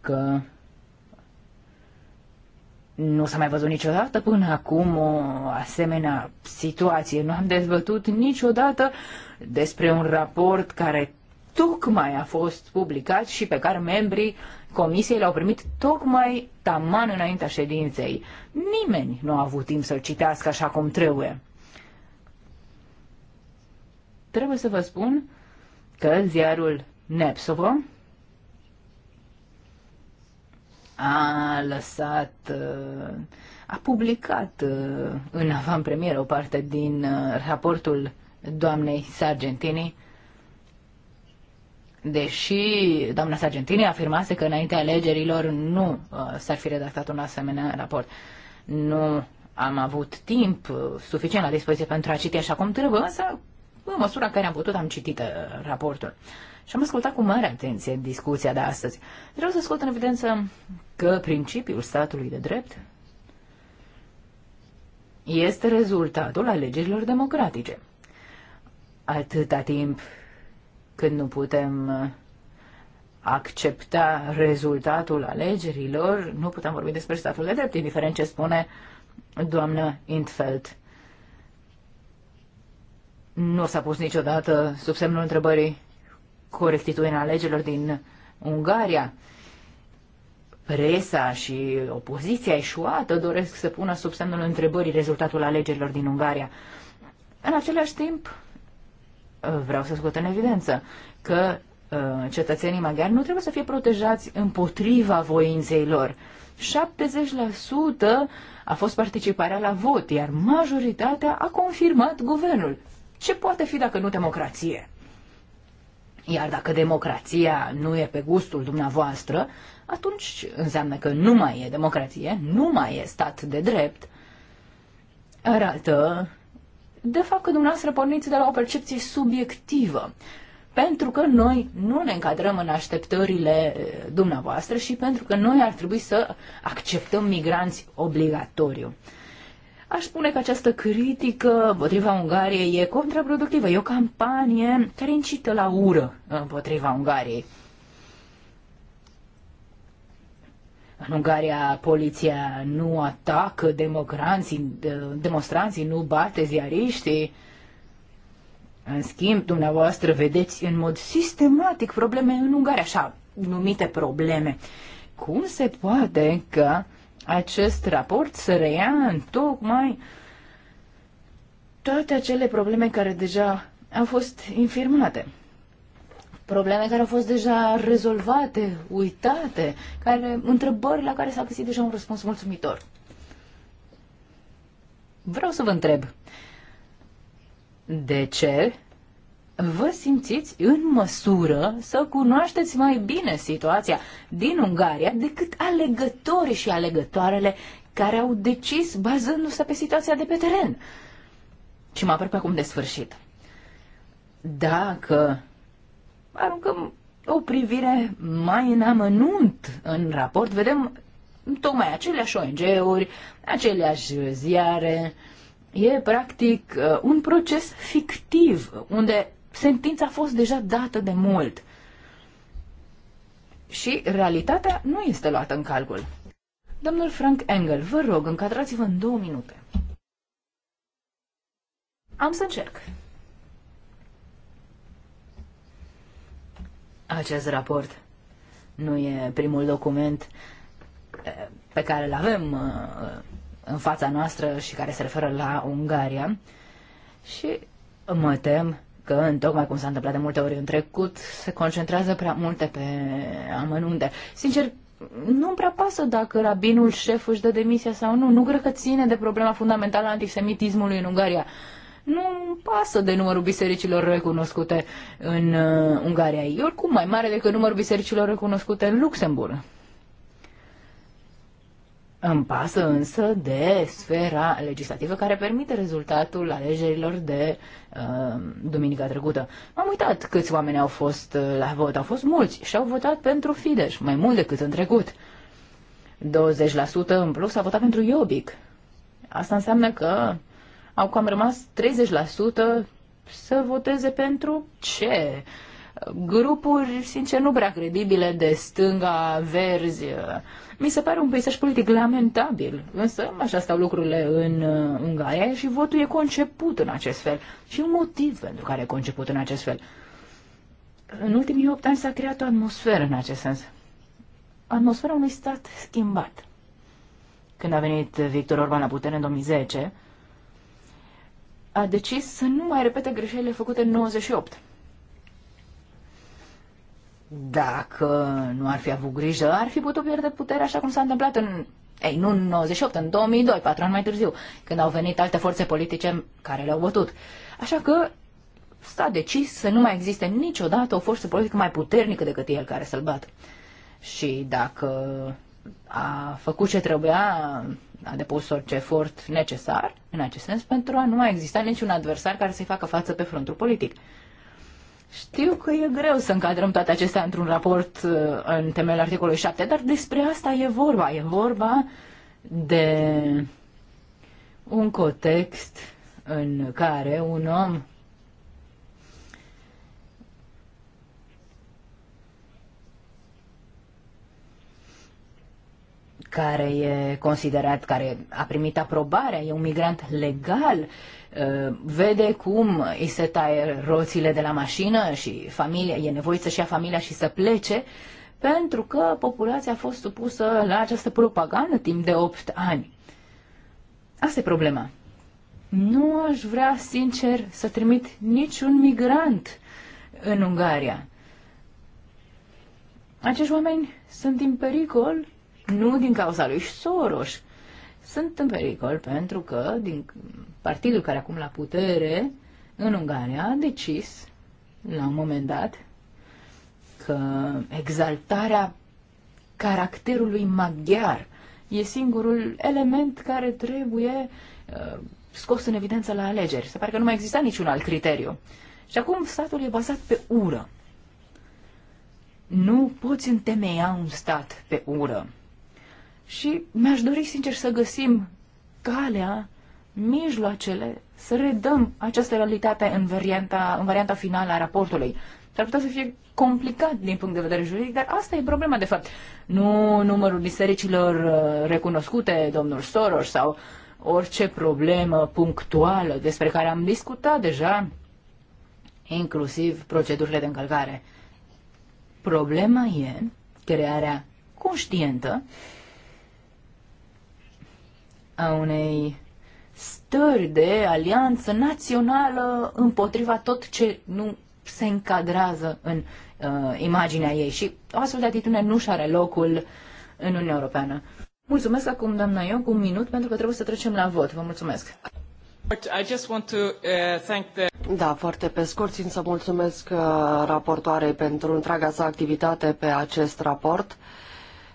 că nu s-a mai văzut niciodată până acum o asemenea situație. Nu am dezbătut niciodată despre un raport care tocmai a fost publicat și pe care membrii comisiei l-au primit tocmai taman înaintea ședinței. Nimeni nu a avut timp să-l citească așa cum trebuie. Trebuie să vă spun că ziarul Nepsovo a lăsat, a publicat în avantpremieră o parte din uh, raportul doamnei Sargentini deși doamna Sargentini afirmase că înaintea alegerilor nu uh, s-ar fi redactat un asemenea raport. Nu am avut timp uh, suficient la dispoziție pentru a citi așa cum trebuie, însă în măsura în care am putut am citit uh, raportul. Și am ascultat cu mare atenție discuția de astăzi. Vreau să scot în evidență că principiul statului de drept este rezultatul alegerilor democratice. Atâta timp când nu putem uh, accepta rezultatul alegerilor, nu putem vorbi despre statul de drept, indiferent ce spune doamnă Intfeld. Nu s-a pus niciodată sub semnul întrebării corectitudinea alegerilor din Ungaria. Presa și opoziția eșuată doresc să pună sub semnul întrebării rezultatul alegerilor din Ungaria. În același timp, Uh, vreau să scot în evidență că uh, cetățenii maghiari nu trebuie să fie protejați împotriva voinței lor. 70% a fost participarea la vot, iar majoritatea a confirmat guvernul. Ce poate fi dacă nu democrație? Iar dacă democrația nu e pe gustul dumneavoastră, atunci înseamnă că nu mai e democrație, nu mai e stat de drept. Arată de fapt că dumneavoastră porniți de la o percepție subiectivă. Pentru că noi nu ne încadrăm în așteptările eh, dumneavoastră și pentru că noi ar trebui să acceptăm migranți obligatoriu. Aș spune că această critică împotriva Ungariei e contraproductivă, e o campanie care incită la ură împotriva Ungariei. În Ungaria poliția nu atacă democranții, demonstranții, nu bate ziariștii. În schimb, dumneavoastră vedeți în mod sistematic probleme în Ungaria, așa numite probleme. Cum se poate că acest raport să reia în tocmai toate acele probleme care deja au fost infirmate? probleme care au fost deja rezolvate, uitate, care, întrebări la care s-a găsit deja un răspuns mulțumitor. Vreau să vă întreb, de ce vă simțiți în măsură să cunoașteți mai bine situația din Ungaria decât alegătorii și alegătoarele care au decis bazându-se pe situația de pe teren? Și mă apropie acum de sfârșit. Dacă aruncăm o privire mai în amănunt în raport, vedem tocmai aceleași ONG-uri, aceleași ziare. E practic uh, un proces fictiv, unde sentința a fost deja dată de mult. Și realitatea nu este luată în calcul. Domnul Frank Engel, vă rog, încadrați-vă în două minute. Am să încerc. acest raport. Nu e primul document eh, pe care îl avem eh, în fața noastră și care se referă la Ungaria și mă tem că, în tocmai cum s-a întâmplat de multe ori în trecut, se concentrează prea multe pe amănunte. Sincer, nu-mi prea pasă dacă rabinul șef își dă demisia sau nu. Nu cred că ține de problema fundamentală a antisemitismului în Ungaria nu pasă de numărul bisericilor recunoscute în uh, Ungaria. E oricum mai mare decât numărul bisericilor recunoscute în Luxemburg. Îmi pasă însă de sfera legislativă care permite rezultatul alegerilor de uh, duminica trecută. M-am uitat câți oameni au fost uh, la vot, au fost mulți și au votat pentru Fidesz, mai mult decât în trecut. 20% în plus a votat pentru Iobic. Asta înseamnă că au cam rămas 30% să voteze pentru ce? Grupuri, sincer, nu prea credibile de stânga, verzi. Mi se pare un peisaj politic lamentabil, însă așa stau lucrurile în Ungaria și votul e conceput în acest fel. Și un motiv pentru care e conceput în acest fel. În ultimii opt ani s-a creat o atmosferă în acest sens. Atmosfera unui stat schimbat. Când a venit Victor Orban la putere în 2010, a decis să nu mai repete greșelile făcute în 98. Dacă nu ar fi avut grijă, ar fi putut pierde puterea așa cum s-a întâmplat în ei, nu în 98, în 2002, patru ani mai târziu, când au venit alte forțe politice care le-au bătut. Așa că s-a decis să nu mai existe niciodată o forță politică mai puternică decât el care să-l bată. Și dacă a făcut ce trebuia, a depus orice efort necesar în acest sens pentru a nu mai exista niciun adversar care să-i facă față pe frontul politic. Știu că e greu să încadrăm toate acestea într-un raport uh, în temeiul articolului 7, dar despre asta e vorba. E vorba de un context în care un om care e considerat, care a primit aprobarea, e un migrant legal, uh, vede cum îi se taie roțile de la mașină și familia, e nevoit să-și ia familia și să plece, pentru că populația a fost supusă la această propagandă timp de 8 ani. Asta e problema. Nu aș vrea, sincer, să trimit niciun migrant în Ungaria. Acești oameni sunt în pericol nu din cauza lui Soros. Sunt în pericol pentru că din partidul care acum la putere în Ungaria a decis la un moment dat că exaltarea caracterului maghiar e singurul element care trebuie uh, scos în evidență la alegeri. Se pare că nu mai exista niciun alt criteriu. Și acum statul e bazat pe ură. Nu poți întemeia un stat pe ură. Și mi-aș dori sincer să găsim calea, mijloacele, să redăm această realitate în varianta, în varianta finală a raportului. S-ar putea să fie complicat din punct de vedere juridic, dar asta e problema, de fapt. Nu numărul bisericilor uh, recunoscute, domnul Soros, sau orice problemă punctuală despre care am discutat deja, inclusiv procedurile de încălcare. Problema e crearea conștientă a unei stări de alianță națională împotriva tot ce nu se încadrează în uh, imaginea ei și o astfel de atitudine nu și are locul în Uniunea Europeană. Mulțumesc acum, doamna Ion, un minut, pentru că trebuie să trecem la vot. Vă mulțumesc. Uh, da, foarte pe scurt, țin să mulțumesc uh, raportoarei pentru întreaga sa activitate pe acest raport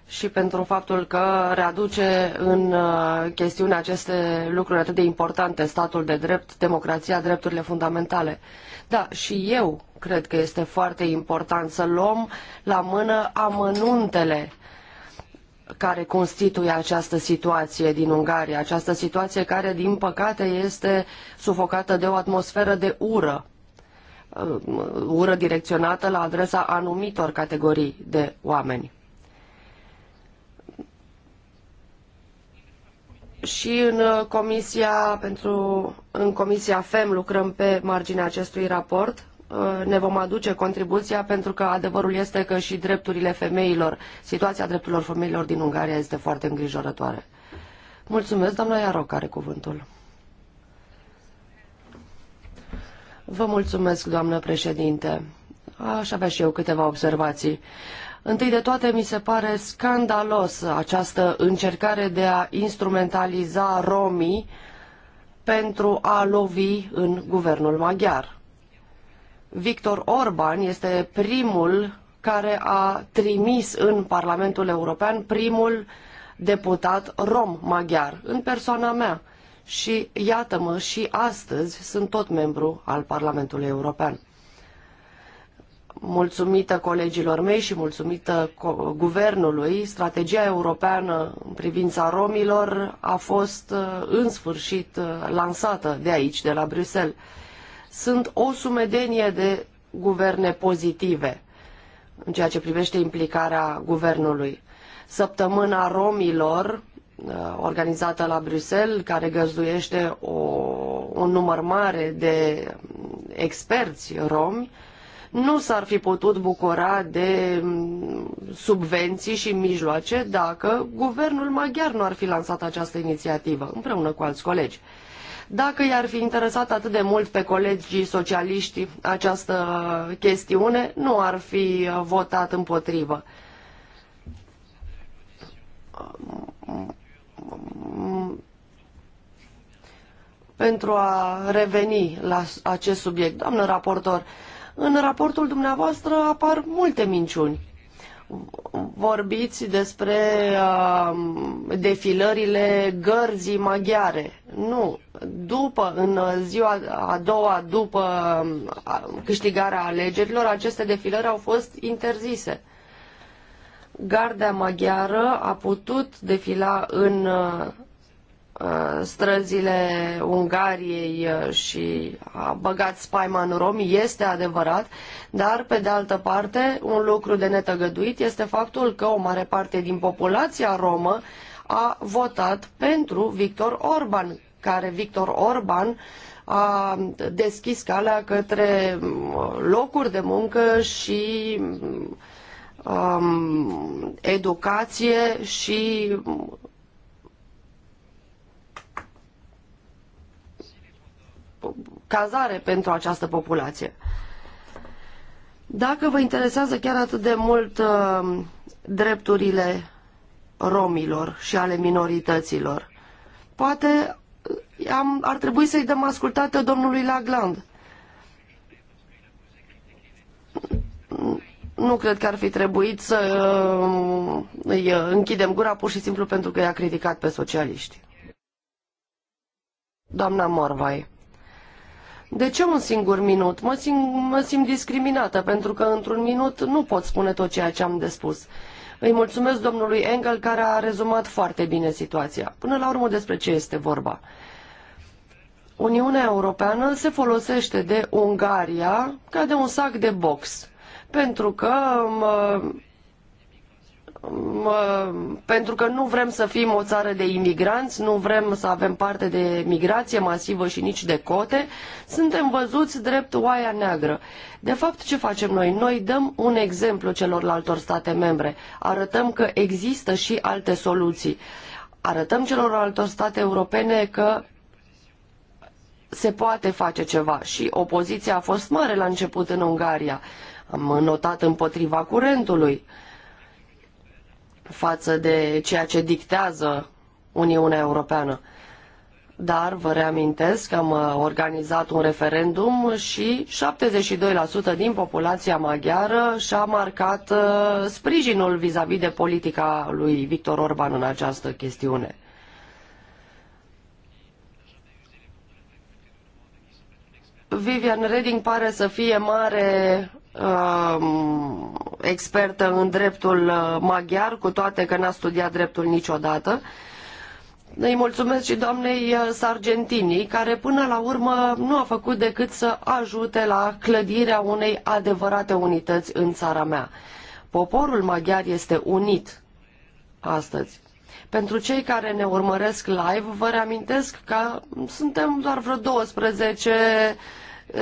și pentru faptul că readuce în uh, chestiune aceste lucruri atât de importante, statul de drept, democrația, drepturile fundamentale. Da, și eu cred că este foarte important să luăm la mână amănuntele care constituie această situație din Ungaria, această situație care, din păcate, este sufocată de o atmosferă de ură, uh, ură direcționată la adresa anumitor categorii de oameni. și în uh, comisia, pentru, în comisia FEM lucrăm pe marginea acestui raport. Uh, ne vom aduce contribuția pentru că adevărul este că și drepturile femeilor, situația drepturilor femeilor din Ungaria este foarte îngrijorătoare. Mulțumesc, doamna Iaroc are cuvântul. Vă mulțumesc, doamnă președinte. Aș avea și eu câteva observații. Întâi de toate, mi se pare scandalos această încercare de a instrumentaliza romii pentru a lovi în guvernul maghiar. Victor Orban este primul care a trimis în Parlamentul European primul deputat rom maghiar, în persoana mea. Și iată-mă, și astăzi sunt tot membru al Parlamentului European mulțumită colegilor mei și mulțumită guvernului, strategia europeană în privința romilor a fost uh, în sfârșit uh, lansată de aici, de la Bruxelles. Sunt o sumedenie de guverne pozitive în ceea ce privește implicarea guvernului. Săptămâna romilor, uh, organizată la Bruxelles, care găzduiește o, un număr mare de experți romi, nu s-ar fi putut bucura de mm, subvenții și mijloace dacă guvernul maghiar nu ar fi lansat această inițiativă, împreună cu alți colegi. Dacă i-ar fi interesat atât de mult pe colegii socialiști această chestiune, nu ar fi uh, votat împotrivă pentru a reveni la acest subiect. Doamnă raportor, în raportul dumneavoastră apar multe minciuni. Vorbiți despre uh, defilările gărzii maghiare. Nu. După, în ziua a doua, după um, câștigarea alegerilor, aceste defilări au fost interzise garda maghiară a putut defila în uh, Uh, străzile Ungariei uh, și a băgat spaima în romi, este adevărat, dar pe de altă parte un lucru de netăgăduit este faptul că o mare parte din populația romă a votat pentru Victor Orban, care Victor Orban a deschis calea către uh, locuri de muncă și um, educație și cazare pentru această populație. Dacă vă interesează chiar atât de mult uh, drepturile romilor și ale minorităților, poate uh, am, ar trebui să-i dăm ascultate domnului Lagland. Nu cred că ar fi trebuit să uh, îi uh, închidem gura pur și simplu pentru că i-a criticat pe socialiști. Doamna Morvai. De ce un singur minut? Mă simt, mă simt discriminată, pentru că într-un minut nu pot spune tot ceea ce am de spus. Îi mulțumesc domnului Engel, care a rezumat foarte bine situația. Până la urmă, despre ce este vorba? Uniunea Europeană se folosește de Ungaria ca de un sac de box, pentru că pentru că nu vrem să fim o țară de imigranți, nu vrem să avem parte de migrație masivă și nici de cote, suntem văzuți drept oaia neagră. De fapt, ce facem noi? Noi dăm un exemplu celorlaltor state membre, arătăm că există și alte soluții. Arătăm celorlaltor state europene că se poate face ceva și opoziția a fost mare la început în Ungaria. Am notat împotriva curentului. Uh, față de ceea ce dictează Uniunea Europeană. Dar vă reamintesc că am uh, organizat un referendum și 72% din populația maghiară și-a marcat uh, sprijinul vizavi de politica lui Victor Orban în această chestiune. Vivian Reding pare să fie mare Um, expertă în dreptul uh, maghiar, cu toate că n-a studiat dreptul niciodată. Îi mulțumesc și doamnei uh, Sargentini, care până la urmă nu a făcut decât să ajute la clădirea unei adevărate unități în țara mea. Poporul maghiar este unit astăzi. Pentru cei care ne urmăresc live, vă reamintesc că suntem doar vreo 12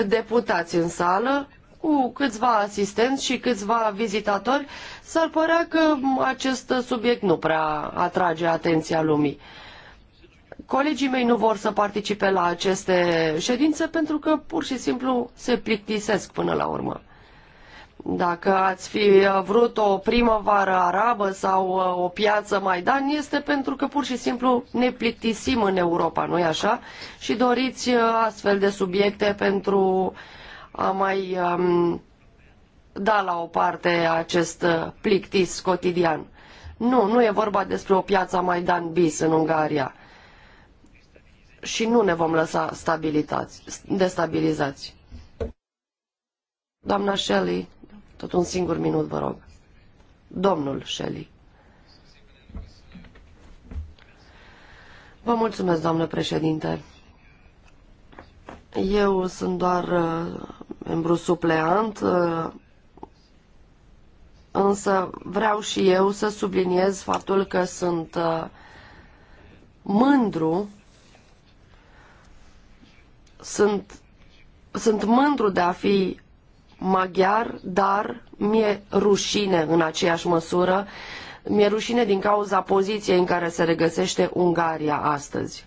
deputați în sală, cu câțiva asistenți și câțiva vizitatori, s-ar părea că acest subiect nu prea atrage atenția lumii. Colegii mei nu vor să participe la aceste ședințe pentru că pur și simplu se plictisesc până la urmă. Dacă ați fi vrut o primăvară arabă sau uh, o piață Maidan, este pentru că pur și simplu ne plictisim în Europa, nu-i așa? Și doriți uh, astfel de subiecte pentru uh, a mai um, da la o parte acest uh, plictis cotidian. Nu, nu e vorba despre o piață Maidan bis în Ungaria. Și nu ne vom lăsa stabilitați, destabilizați. Doamna Shelley, tot un singur minut, vă rog. Domnul Shelley. Vă mulțumesc, doamnă președinte. Eu sunt doar uh, membru supleant, uh, însă vreau și eu să subliniez faptul că sunt uh, mândru, sunt, sunt mândru de a fi maghiar, dar mi-e rușine în aceeași măsură, mi-e rușine din cauza poziției în care se regăsește Ungaria astăzi.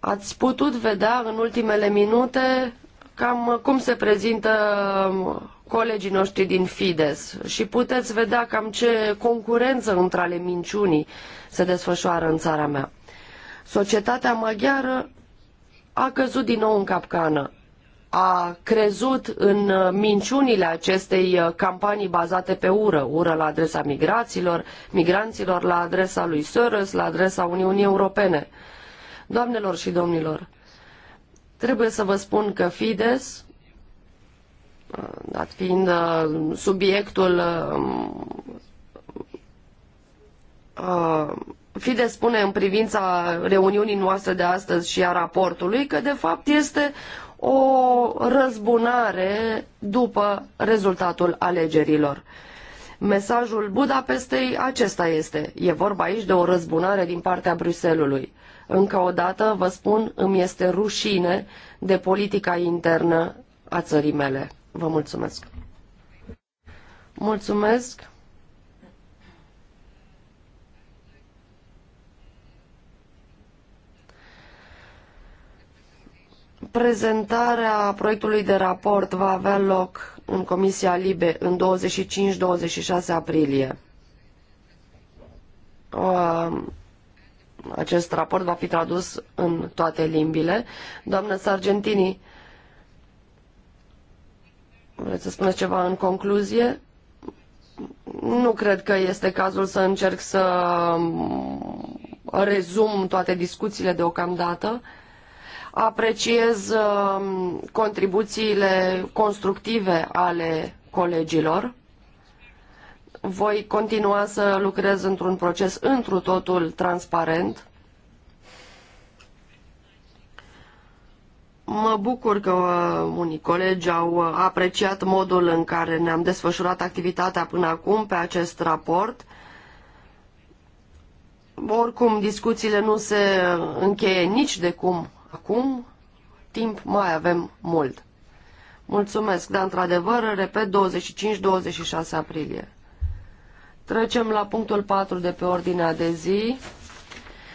Ați putut vedea în ultimele minute cam cum se prezintă colegii noștri din Fides și puteți vedea cam ce concurență între ale minciunii se desfășoară în țara mea. Societatea maghiară a căzut din nou în capcană. A crezut în minciunile acestei campanii bazate pe ură, ură la adresa migraților, migranților, la adresa lui Soros, la adresa Uniunii Europene. Doamnelor și domnilor, trebuie să vă spun că Fides, uh, dat fiind uh, subiectul uh, Fides spune în privința reuniunii noastre de astăzi și a raportului că de fapt este o răzbunare după rezultatul alegerilor. Mesajul Budapestei acesta este. E vorba aici de o răzbunare din partea Bruselului. Încă o dată vă spun, îmi este rușine de politica internă a țării mele. Vă mulțumesc. Mulțumesc. Prezentarea proiectului de raport va avea loc în Comisia Libe în 25-26 aprilie. Uh, acest raport va fi tradus în toate limbile. Doamnă Sargentini, vreți să spuneți ceva în concluzie? Nu cred că este cazul să încerc să rezum toate discuțiile deocamdată. Apreciez um, contribuțiile constructive ale colegilor voi continua să lucrez într-un proces întru totul transparent. Mă bucur că uh, unii colegi au uh, apreciat modul în care ne-am desfășurat activitatea până acum pe acest raport. Oricum, discuțiile nu se încheie nici de cum acum. Timp mai avem mult. Mulțumesc, dar într-adevăr, repet, 25-26 aprilie. Trecem la punctul 4 de pe ordinea de zi.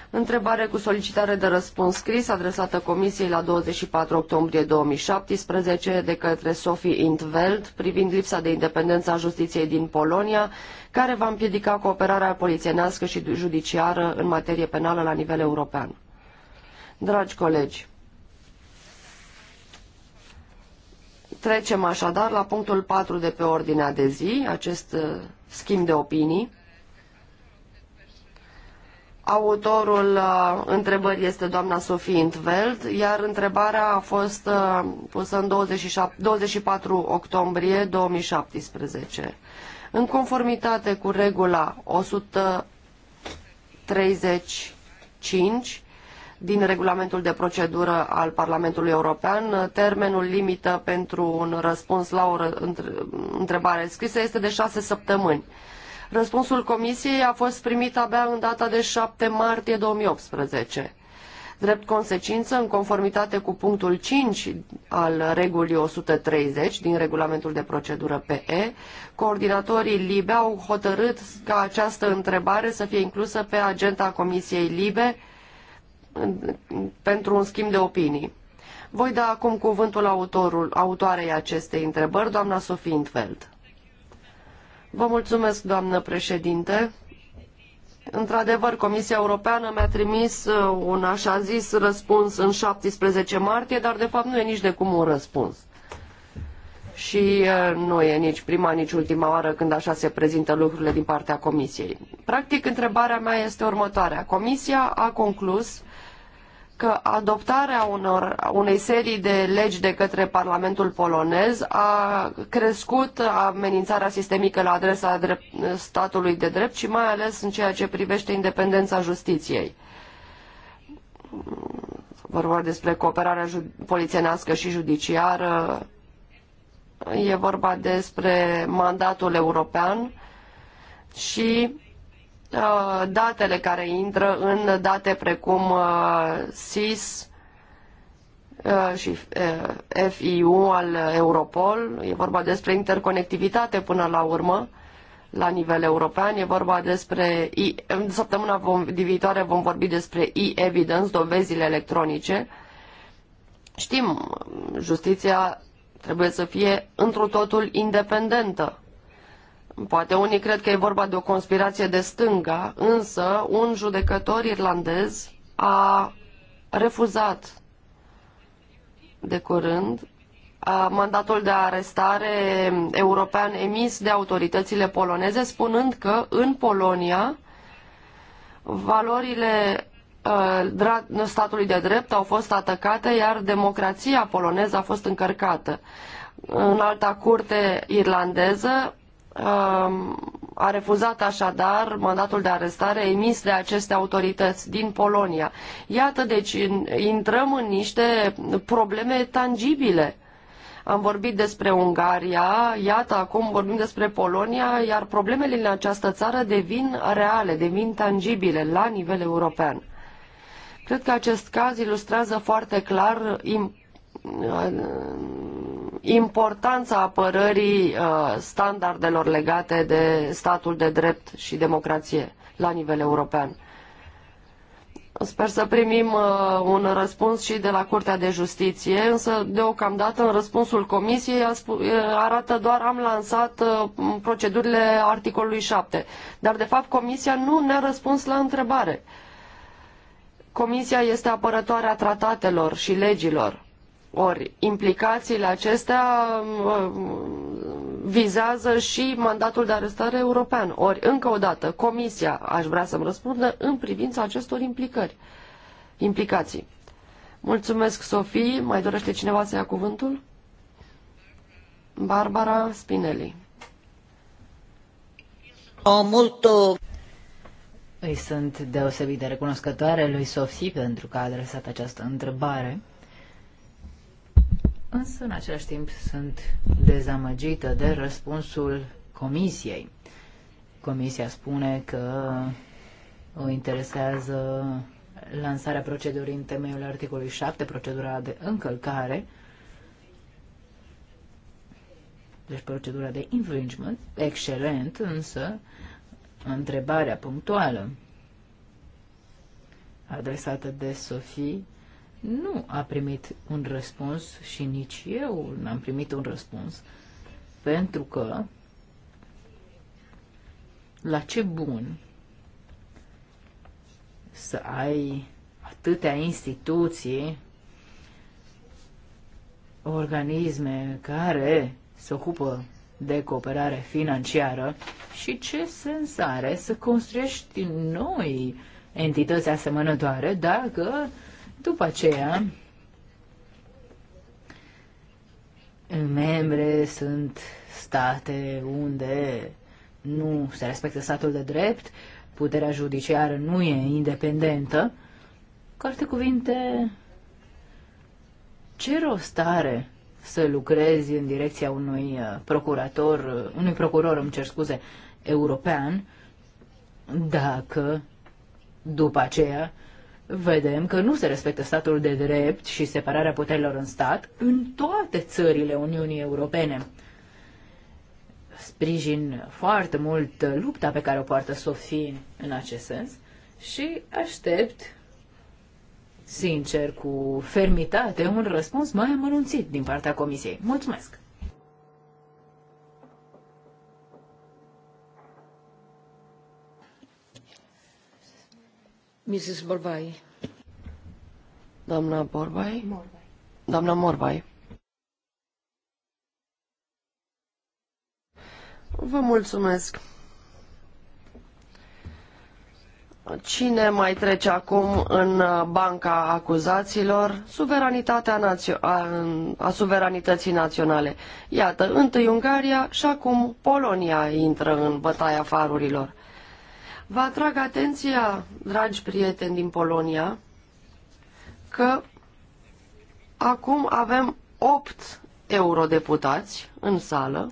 Întrebare cu solicitare de răspuns scris adresată Comisiei la 24 octombrie 2017 de către Sophie Intveld privind lipsa de independență a justiției din Polonia, care va împiedica cooperarea polițienească și judiciară în materie penală la nivel european. Dragi colegi, trecem așadar la punctul 4 de pe ordinea de zi, acest schimb de opinii. Autorul uh, întrebării este doamna Sofie Intveld, iar întrebarea a fost uh, pusă în 27, 24 octombrie 2017. În conformitate cu regula 135, din regulamentul de procedură al Parlamentului European. Termenul limită pentru un răspuns la o întrebare scrisă este de șase săptămâni. Răspunsul Comisiei a fost primit abia în data de 7 martie 2018. Drept consecință, în conformitate cu punctul 5 al regulii 130 din regulamentul de procedură PE, coordonatorii LIBE au hotărât ca această întrebare să fie inclusă pe agenda Comisiei LIBE pentru un schimb de opinii. Voi da acum cuvântul autorul, autoarei acestei întrebări, doamna Sofie Intveld. Vă mulțumesc, doamnă președinte. Într-adevăr, Comisia Europeană mi-a trimis uh, un așa zis răspuns în 17 martie, dar de fapt nu e nici de cum un răspuns. Și uh, nu e nici prima, nici ultima oară când așa se prezintă lucrurile din partea Comisiei. Practic, întrebarea mea este următoarea. Comisia a conclus uh, că adoptarea unor, unei serii de legi de către Parlamentul polonez a crescut amenințarea sistemică la adresa drept, statului de drept și mai ales în ceea ce privește independența justiției. Vorba despre cooperarea polițienească și judiciară, e vorba despre mandatul european și Uh, datele care intră în date precum SIS uh, uh, și FIU al Europol. E vorba despre interconectivitate până la urmă la nivel european. E vorba despre... În săptămâna vom, viitoare vom vorbi despre e-evidence, dovezile electronice. Știm, justiția trebuie să fie întru totul independentă. Poate unii cred că e vorba de o conspirație de stânga, însă un judecător irlandez a refuzat de curând mandatul de arestare european emis de autoritățile poloneze, spunând că în Polonia valorile statului de drept au fost atacate, iar democrația poloneză a fost încărcată. În alta curte irlandeză, a refuzat așadar mandatul de arestare emis de aceste autorități din Polonia. Iată, deci intrăm în niște probleme tangibile. Am vorbit despre Ungaria, iată, acum vorbim despre Polonia, iar problemele în această țară devin reale, devin tangibile la nivel european. Cred că acest caz ilustrează foarte clar importanța apărării uh, standardelor legate de statul de drept și democrație la nivel european. Sper să primim uh, un răspuns și de la Curtea de Justiție, însă deocamdată în răspunsul Comisiei arată doar am lansat uh, procedurile articolului 7, dar de fapt Comisia nu ne-a răspuns la întrebare. Comisia este apărătoarea tratatelor și legilor ori, implicațiile acestea uh, vizează și mandatul de arestare european. Ori, încă o dată, Comisia aș vrea să-mi răspundă în privința acestor implicări, implicații. Mulțumesc, Sofie. Mai dorește cineva să ia cuvântul? Barbara Spinelli. O multo... Îi sunt deosebit de recunoscătoare lui Sofie pentru că a adresat această întrebare însă în același timp sunt dezamăgită de răspunsul comisiei. Comisia spune că o interesează lansarea procedurii în temeiul articolului 7, procedura de încălcare, deci procedura de infringement, excelent, însă întrebarea punctuală adresată de Sofie nu a primit un răspuns și nici eu n-am primit un răspuns, pentru că la ce bun să ai atâtea instituții, organisme care se ocupă de cooperare financiară și ce sens are să construiești noi entități asemănătoare dacă uh, după aceea, membre sunt state unde nu se respectă statul de drept, puterea judiciară nu e independentă. Cu alte cuvinte, ce rost are să lucrezi în direcția unui uh, procurator, uh, unui procuror, îmi cer scuze, european, dacă după aceea vedem că nu se respectă statul de drept și separarea puterilor în stat în toate țările Uniunii Europene. Sprijin foarte mult lupta pe care o poartă Sofie în acest sens și aștept, sincer, cu fermitate, un răspuns mai amănunțit din partea Comisiei. Mulțumesc! Mrs. Borbai. Doamna Borbai? Vă mulțumesc. Cine mai trece acum în banca acuzaților? Suveranitatea națio- a, a suveranității naționale. Iată, întâi Ungaria și acum Polonia intră în bătaia farurilor. Vă atrag atenția, dragi prieteni din Polonia, că acum avem 8 eurodeputați în sală.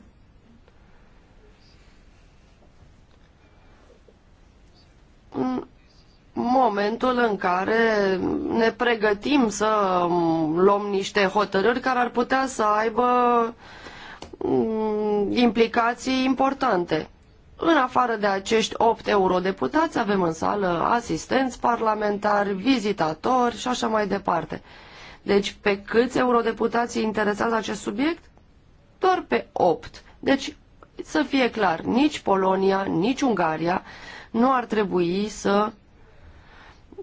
În momentul în care ne pregătim să mm, luăm niște hotărâri care ar putea să aibă mm, implicații importante. În afară de acești opt eurodeputați avem în sală asistenți parlamentari, vizitatori și așa mai departe. Deci pe câți eurodeputați interesează acest subiect? Doar pe opt. Deci să fie clar, nici Polonia, nici Ungaria nu ar trebui să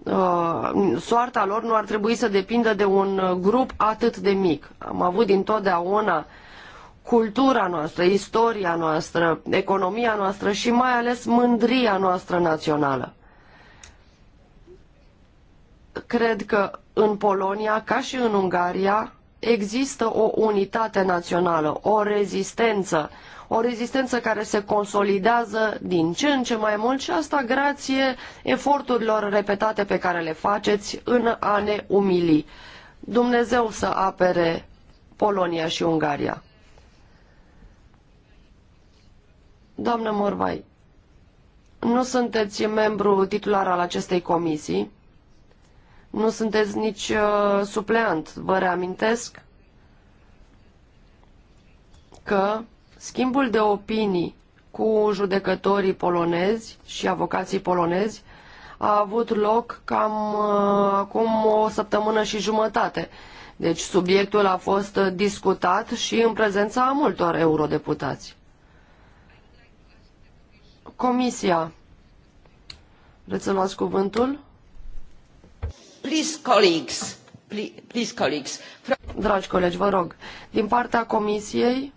Uh, soarta lor nu ar trebui să depindă de un grup atât de mic. Am avut dintotdeauna cultura noastră, istoria noastră, economia noastră și mai ales mândria noastră națională. Cred că în Polonia, ca și în Ungaria, există o unitate națională, o rezistență, o rezistență care se consolidează din ce în ce mai mult și asta grație eforturilor repetate pe care le faceți în a ne umili. Dumnezeu să apere Polonia și Ungaria. Doamnă Morvai, nu sunteți membru titular al acestei comisii, nu sunteți nici uh, supleant. Vă reamintesc că schimbul de opinii cu judecătorii polonezi și avocații polonezi a avut loc cam uh, acum o săptămână și jumătate. Deci subiectul a fost discutat și în prezența a multor eurodeputați. Comisia. Vreți să luați cuvântul? Please, colleagues. Please, colleagues. Dragi colegi, vă rog, din partea Comisiei,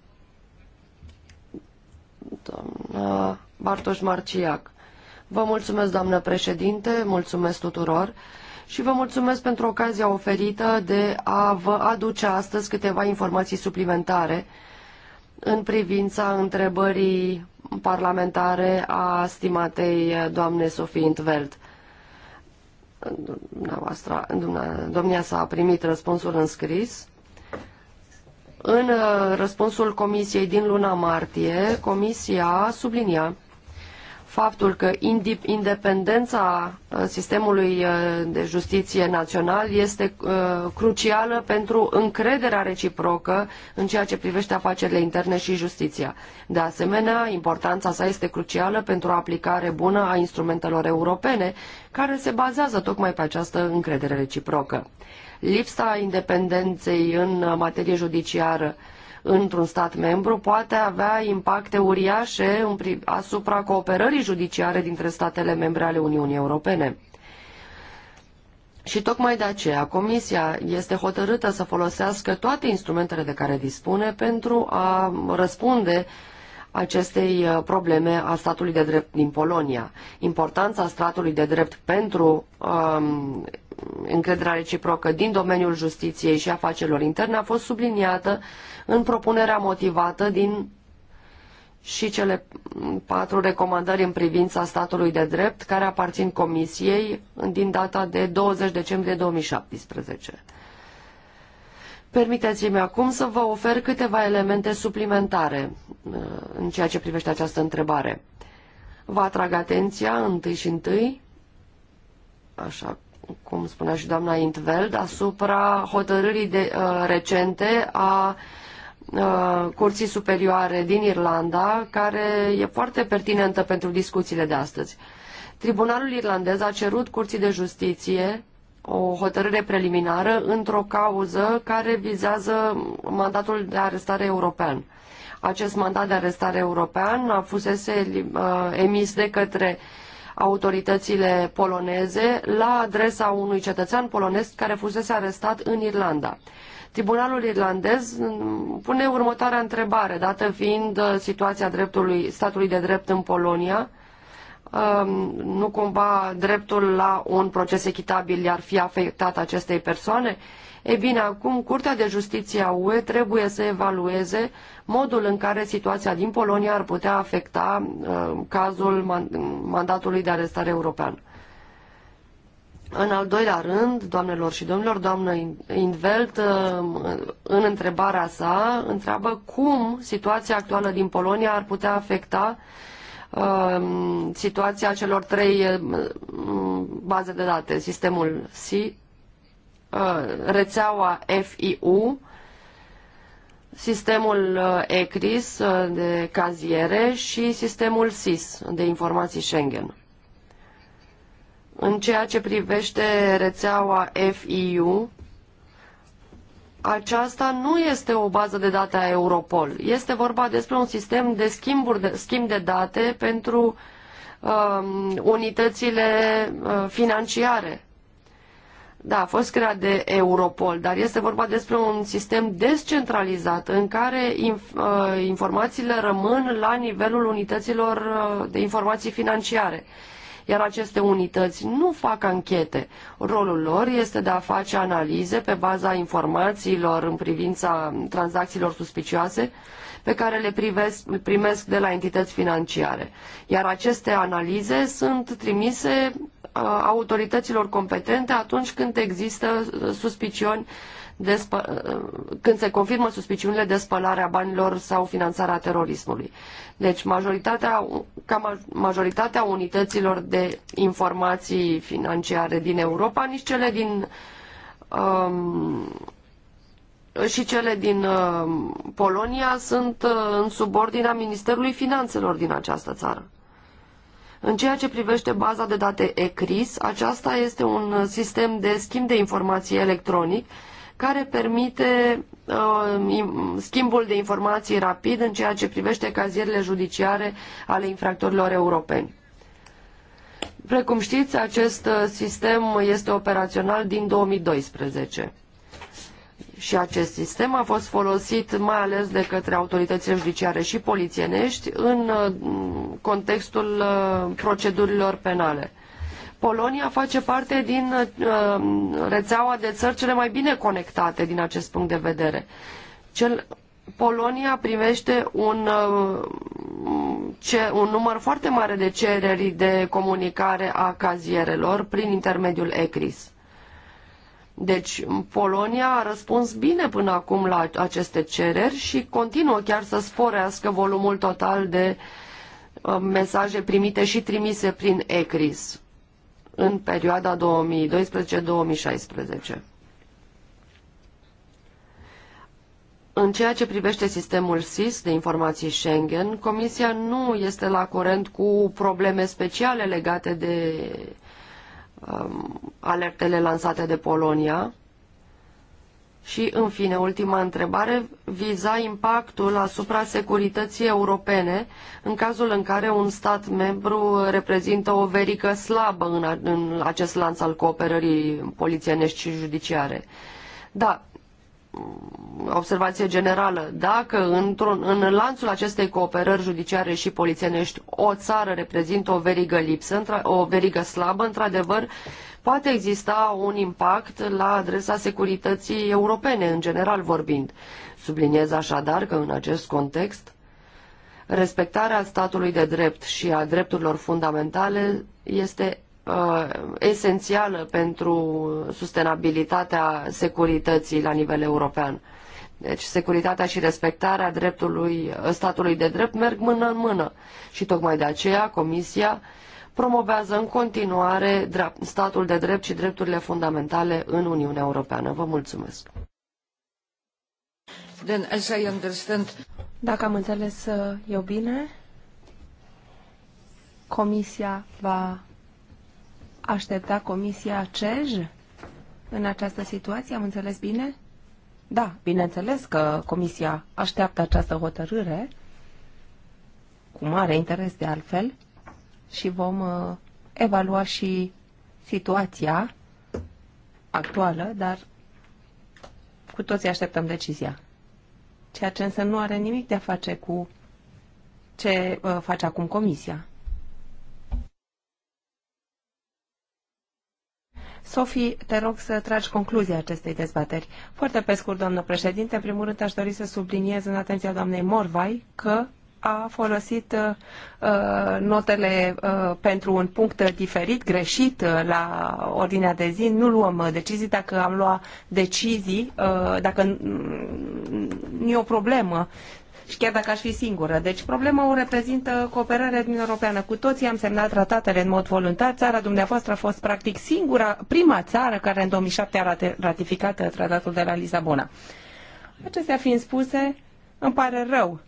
doamna Bartoș Marciac. Vă mulțumesc, doamnă președinte, mulțumesc tuturor și vă mulțumesc pentru ocazia oferită de a vă aduce astăzi câteva informații suplimentare în privința întrebării parlamentare a stimatei doamne Sofie Intveld. Dumneavoastră, domnia s-a primit răspunsul în scris. În uh, răspunsul comisiei din luna martie, comisia sublinia faptul că independența uh, sistemului uh, de justiție național este uh, crucială pentru încrederea reciprocă în ceea ce privește afacerile interne și justiția. De asemenea, importanța sa este crucială pentru o aplicare bună a instrumentelor europene, care se bazează tocmai pe această încredere reciprocă. Lipsa independenței în materie judiciară într-un stat membru poate avea impacte uriașe asupra cooperării judiciare dintre statele membre ale Uniunii Europene. Și tocmai de aceea Comisia este hotărâtă să folosească toate instrumentele de care dispune pentru a răspunde acestei uh, probleme a statului de drept din Polonia. Importanța statului de drept pentru um, încrederea reciprocă din domeniul justiției și afacerilor interne a fost subliniată în propunerea motivată din și cele patru recomandări în privința statului de drept care aparțin Comisiei din data de 20 decembrie 2017. Permiteți-mi acum să vă ofer câteva elemente suplimentare uh, în ceea ce privește această întrebare. Vă atrag atenția întâi și întâi, așa cum spunea și doamna Intveld, asupra hotărârii de, uh, recente a uh, Curții Superioare din Irlanda, care e foarte pertinentă pentru discuțiile de astăzi. Tribunalul irlandez a cerut Curții de Justiție o hotărâre preliminară într-o cauză care vizează mandatul de arestare european. Acest mandat de arestare european a fost uh, emis de către uh, autoritățile poloneze la adresa unui cetățean polonez care fusese arestat în Irlanda. Tribunalul irlandez mm, pune următoarea întrebare, dată fiind uh, situația dreptului, statului de drept în Polonia, um, nu cumva dreptul la un proces echitabil i-ar fi afectat acestei persoane? E bine, acum Curtea de Justiție a UE trebuie să evalueze modul în care situația din Polonia ar putea afecta uh, cazul mandatului de arestare european. În al doilea rând, doamnelor și domnilor, doamnă Invelt, uh, în întrebarea sa, întreabă cum situația actuală din Polonia ar putea afecta um, situația celor trei uh, baze de date, sistemul SI, Uh, rețeaua FIU, sistemul uh, ECRIS uh, de caziere și sistemul SIS de informații Schengen. În ceea ce privește rețeaua FIU, aceasta nu este o bază de date a Europol. Este vorba despre un sistem de, schimburi de schimb de date pentru um, unitățile uh, financiare da, a fost creat de Europol, dar este vorba despre un sistem descentralizat în care uh, informațiile rămân la nivelul unităților uh, de informații financiare iar aceste unități nu fac anchete. Rolul lor este de a face analize pe baza informațiilor în privința tranzacțiilor suspicioase pe care le privesc, primesc de la entități financiare. Iar aceste analize sunt trimise uh, autorităților competente atunci când există uh, suspiciuni de când se confirmă suspiciunile de spălare a banilor sau finanțarea terorismului. Deci majoritatea, ca majoritatea unităților de informații financiare din Europa, nici cele din um, și cele din um, Polonia sunt uh, în subordinea Ministerului Finanțelor din această țară. În ceea ce privește baza de date ECRIS, aceasta este un uh, sistem de schimb de informații electronic care permite uh, schimbul de informații rapid în ceea ce privește cazierile judiciare ale infractorilor europeni. Precum știți, acest uh, sistem este operațional din 2012. Și acest sistem a fost folosit mai ales de către autoritățile judiciare și polițienești în uh, contextul uh, procedurilor penale. Polonia face parte din uh, rețeaua de țări cele mai bine conectate din acest punct de vedere. Cel, Polonia primește un, uh, ce, un număr foarte mare de cereri de comunicare a cazierelor prin intermediul ECRIS. Deci Polonia a răspuns bine până acum la aceste cereri și continuă chiar să sporească volumul total de uh, mesaje primite și trimise prin ECRIS în perioada 2012-2016. În ceea ce privește sistemul SIS de informații Schengen, Comisia nu este la curent cu probleme speciale legate de um, alertele lansate de Polonia, și, în fine, ultima întrebare viza impactul asupra securității europene în cazul în care un stat membru reprezintă o verică slabă în, a, în acest lanț al cooperării polițienești și judiciare. Da, observație generală, dacă într-un, în lanțul acestei cooperări judiciare și polițienești o țară reprezintă o verigă lipsă, o verigă slabă, într-adevăr, poate exista un impact la adresa securității europene, în general vorbind. Subliniez așadar că în acest context respectarea statului de drept și a drepturilor fundamentale este uh, esențială pentru sustenabilitatea securității la nivel european. Deci securitatea și respectarea dreptului, statului de drept merg mână în mână și tocmai de aceea Comisia uh, promovează în continuare statul de drept și drepturile fundamentale în Uniunea Europeană. Vă mulțumesc! Then, as I understand... Dacă am înțeles uh, eu bine, Comisia va aștepta Comisia CEJ în această situație? Am înțeles bine? Da, bineînțeles că Comisia așteaptă această hotărâre, cu mare interes de altfel, și vom uh, evalua și situația actuală, dar cu toții așteptăm decizia. Ceea ce însă nu are nimic de a face cu ce uh, face acum Comisia. Sofie, te rog să tragi concluzia acestei dezbateri. Foarte pe scurt, doamnă președinte, în primul rând aș dori să subliniez în atenția doamnei Morvai că a folosit uh, uh, notele uh, pentru un punct diferit, greșit la ordinea de zi. Nu luăm decizii. Dacă am luat decizii, dacă nu e o problemă, și chiar dacă aș fi singură. Deci problema o reprezintă cooperarea din Europeană. Cu toții am semnat tratatele în mod voluntar. Țara dumneavoastră a fost practic singura, prima țară care în 2007 a ratificat tratatul de la Lisabona. Acestea fiind spuse, îmi pare rău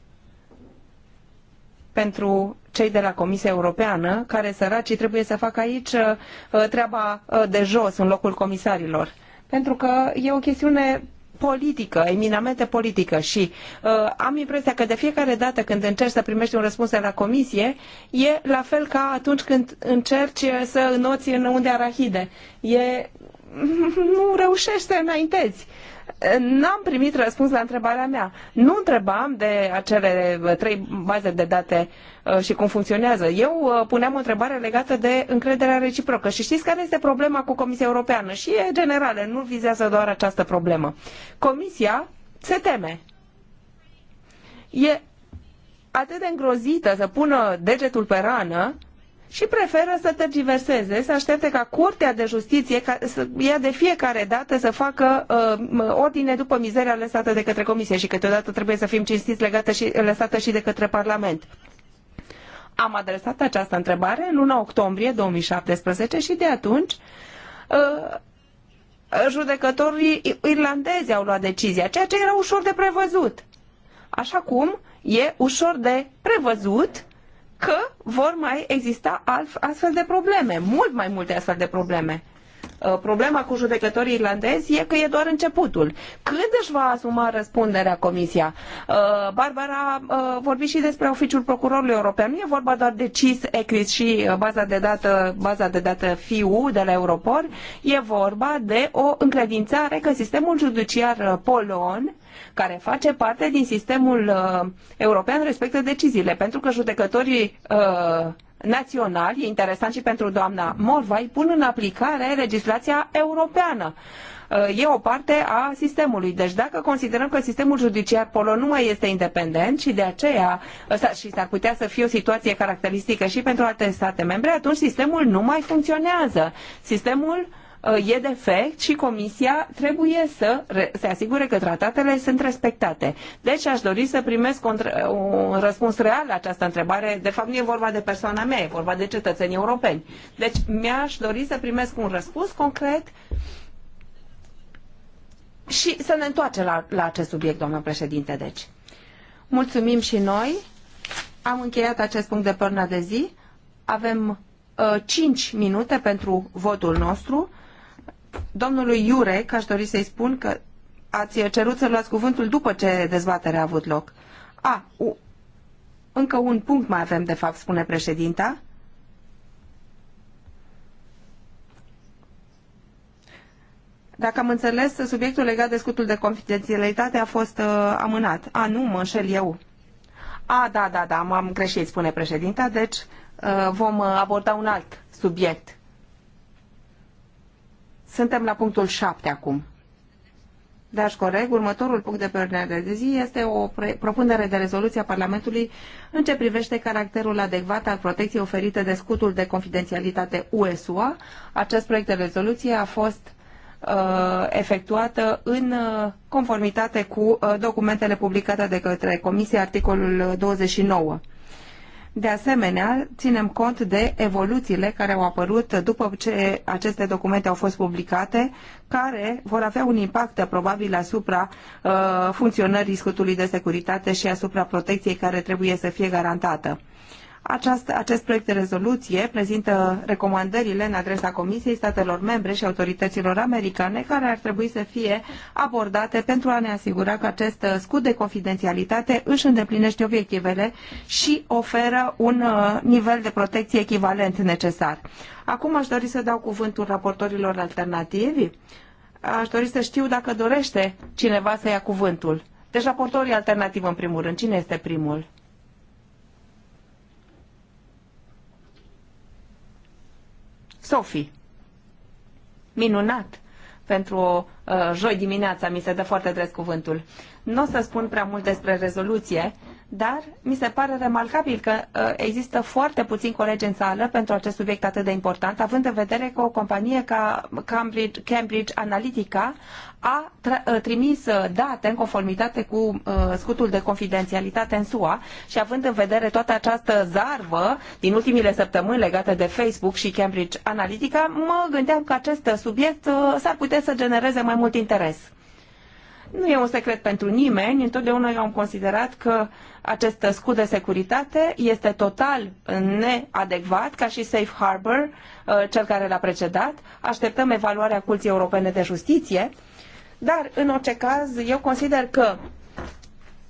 pentru cei de la Comisia Europeană, care săracii trebuie să facă aici uh, treaba uh, de jos, în locul comisarilor. Pentru că e o chestiune politică, eminamente politică și uh, am impresia că de fiecare dată când încerci să primești un răspuns de la comisie, e la fel ca atunci când încerci uh, să înoți în unde arahide. E... nu reușești să înaintezi. N-am primit răspuns la întrebarea mea. Nu întrebam de acele trei baze de date uh, și cum funcționează. Eu uh, puneam o întrebare legată de încrederea reciprocă. Și știți care este problema cu Comisia Europeană? Și e generală, nu vizează doar această problemă. Comisia se teme. E atât de îngrozită să pună degetul pe rană și preferă să tergiverseze, să aștepte ca Curtea de Justiție ca, să ia de fiecare dată să facă uh, ordine după mizeria lăsată de către Comisie și câteodată trebuie să fim cinstiți legată și, lăsată și de către Parlament. Am adresat această întrebare în luna octombrie 2017 și de atunci uh, judecătorii irlandezi au luat decizia, ceea ce era ușor de prevăzut. Așa cum e ușor de prevăzut că vor mai exista astfel de probleme, mult mai multe astfel de probleme. Uh, problema cu judecătorii irlandezi e că e doar începutul. Când își va asuma răspunderea Comisia? Uh, Barbara uh, vorbi și despre oficiul procurorului european. Nu e vorba doar de CIS, ECRIS și baza de dată, baza de dată FIU de la Europol. E vorba de o încredințare că sistemul judiciar polon care face parte din sistemul uh, european respectă deciziile, pentru că judecătorii uh, Național, e interesant și pentru doamna Morvai, pun în aplicare legislația europeană e o parte a sistemului. Deci dacă considerăm că sistemul judiciar polon nu mai este independent și de aceea și s-ar putea să fie o situație caracteristică și pentru alte state membre, atunci sistemul nu mai funcționează. Sistemul uh, e defect și Comisia trebuie să se asigure că tratatele sunt respectate. Deci aș dori să primesc un răspuns real la această întrebare. De fapt, nu e vorba de persoana mea, e vorba de cetățenii europeni. Deci mi-aș dori să primesc un răspuns concret și să ne întoarcem la, la acest subiect, doamnă președinte. Deci, mulțumim și noi. Am încheiat acest punct de pernă de zi. Avem uh, 5 minute pentru votul nostru. Domnului Iurec, aș dori să-i spun că ați cerut să luați cuvântul după ce dezbaterea a avut loc. A, u, încă un punct mai avem, de fapt, spune președinta. Dacă am înțeles, subiectul legat de scutul de confidențialitate a fost uh, amânat. A, nu, mă înșel eu. A, da, da, da, m-am greșit, spune președinta, deci uh, vom uh, aborda un alt subiect suntem la punctul 7 acum. Dragi colegi, următorul punct de pe ordinea de zi este o propunere de rezoluție a Parlamentului în ce privește caracterul adecvat al protecției oferite de scutul de confidențialitate USUA. Acest proiect de rezoluție a fost uh, efectuată în uh, conformitate cu uh, documentele publicate de către Comisie, articolul 29. Uh, de asemenea, ținem cont de evoluțiile care au apărut după ce aceste documente au fost publicate, care vor avea un impact probabil asupra uh, funcționării scutului de securitate și asupra protecției care trebuie să fie garantată acest proiect de rezoluție prezintă recomandările în adresa Comisiei statelor membre și autorităților americane care ar trebui să fie abordate pentru a ne asigura că acest scut de confidențialitate își îndeplinește obiectivele și oferă un uh, nivel de protecție echivalent necesar. Acum aș dori să dau cuvântul raportorilor alternativi. Aș dori să știu dacă dorește cineva să ia cuvântul. Deci raportorii alternativi în primul rând. Cine este primul? Sophie. Minunat! Pentru o uh, joi dimineața mi se dă foarte des cuvântul. Nu o să spun prea mult despre rezoluție, dar mi se pare remarcabil că uh, există foarte puțin colegi în sală pentru acest subiect atât de important, având în vedere că o companie ca Cambridge, Cambridge Analytica a uh, trimis uh, date în conformitate cu scutul de confidențialitate în SUA și având în vedere toată această zarvă din ultimile săptămâni legate de Facebook și Cambridge Analytica, mă gândeam că acest subiect s-ar putea să genereze mai mult interes. Nu e un secret pentru nimeni, întotdeauna eu am considerat că acest scut de securitate este total neadecvat ca și Safe Harbor, uh, cel care l-a precedat. Așteptăm evaluarea Curții Europene de Justiție, dar în orice caz eu consider că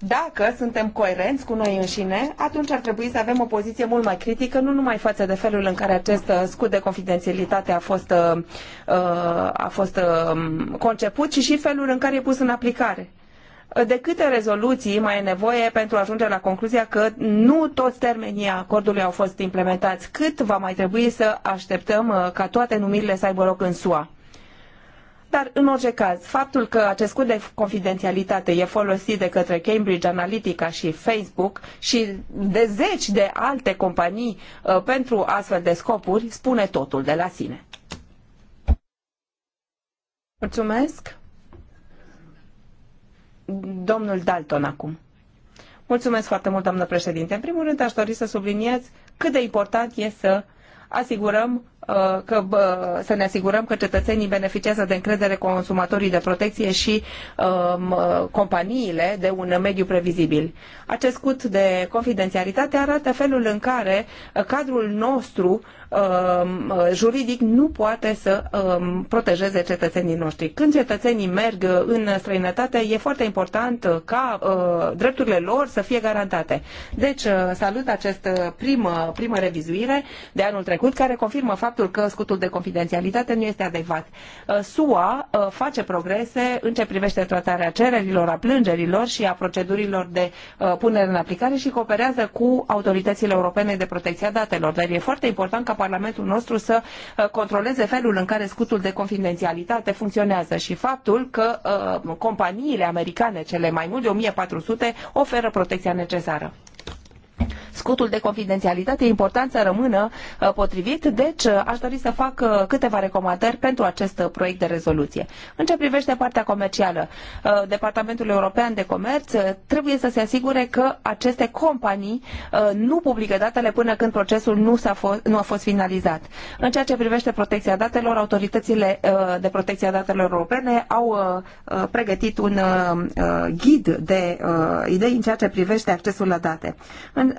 dacă suntem coerenți cu noi înșine, atunci ar trebui să avem o poziție mult mai critică, nu numai față de felul în care acest uh, scut de confidențialitate a fost, uh, uh, a fost um, conceput, ci și felul în care e pus în aplicare de câte rezoluții mai e nevoie pentru a ajunge la concluzia că nu toți termenii acordului au fost implementați? Cât va mai trebui să așteptăm ca toate numirile să aibă loc în SUA? Dar, în orice caz, faptul că acest cod de confidențialitate e folosit de către Cambridge Analytica și Facebook și de zeci de alte companii uh, pentru astfel de scopuri spune totul de la sine. Mulțumesc. Domnul Dalton acum. Mulțumesc foarte mult, doamnă președinte. În primul rând, aș dori să subliniez cât de important e să asigurăm Uh, că, să ne asigurăm că cetățenii beneficiază de încredere, consumatorii de protecție și um, uh, companiile de un mediu previzibil. Acest cut de confidențialitate arată felul în care uh, cadrul nostru Um, juridic nu poate să um, protejeze cetățenii noștri. Când cetățenii merg în străinătate, e foarte important ca uh, drepturile lor să fie garantate. Deci, uh, salut această uh, primă, primă revizuire de anul trecut, care confirmă faptul că scutul de confidențialitate nu este adecvat. SUA face progrese în ce privește tratarea cererilor, a plângerilor și a procedurilor de punere în aplicare și cooperează cu autoritățile europene de protecție a datelor. Dar e foarte important ca Parlamentul nostru să uh, controleze felul în care scutul de confidențialitate funcționează și faptul că uh, companiile americane, cele mai mult de 1400, oferă protecția necesară scutul de confidențialitate e important să rămână uh, potrivit, deci uh, aș dori să fac uh, câteva recomandări pentru acest proiect de rezoluție. În ce privește partea comercială, Departamentul European de Comerț trebuie să se asigure că aceste companii nu publică datele până când procesul nu, a fost, nu a fost finalizat. În ceea ce privește protecția datelor, autoritățile de protecția a datelor europene au pregătit un ghid de idei în ceea ce privește accesul la date. În,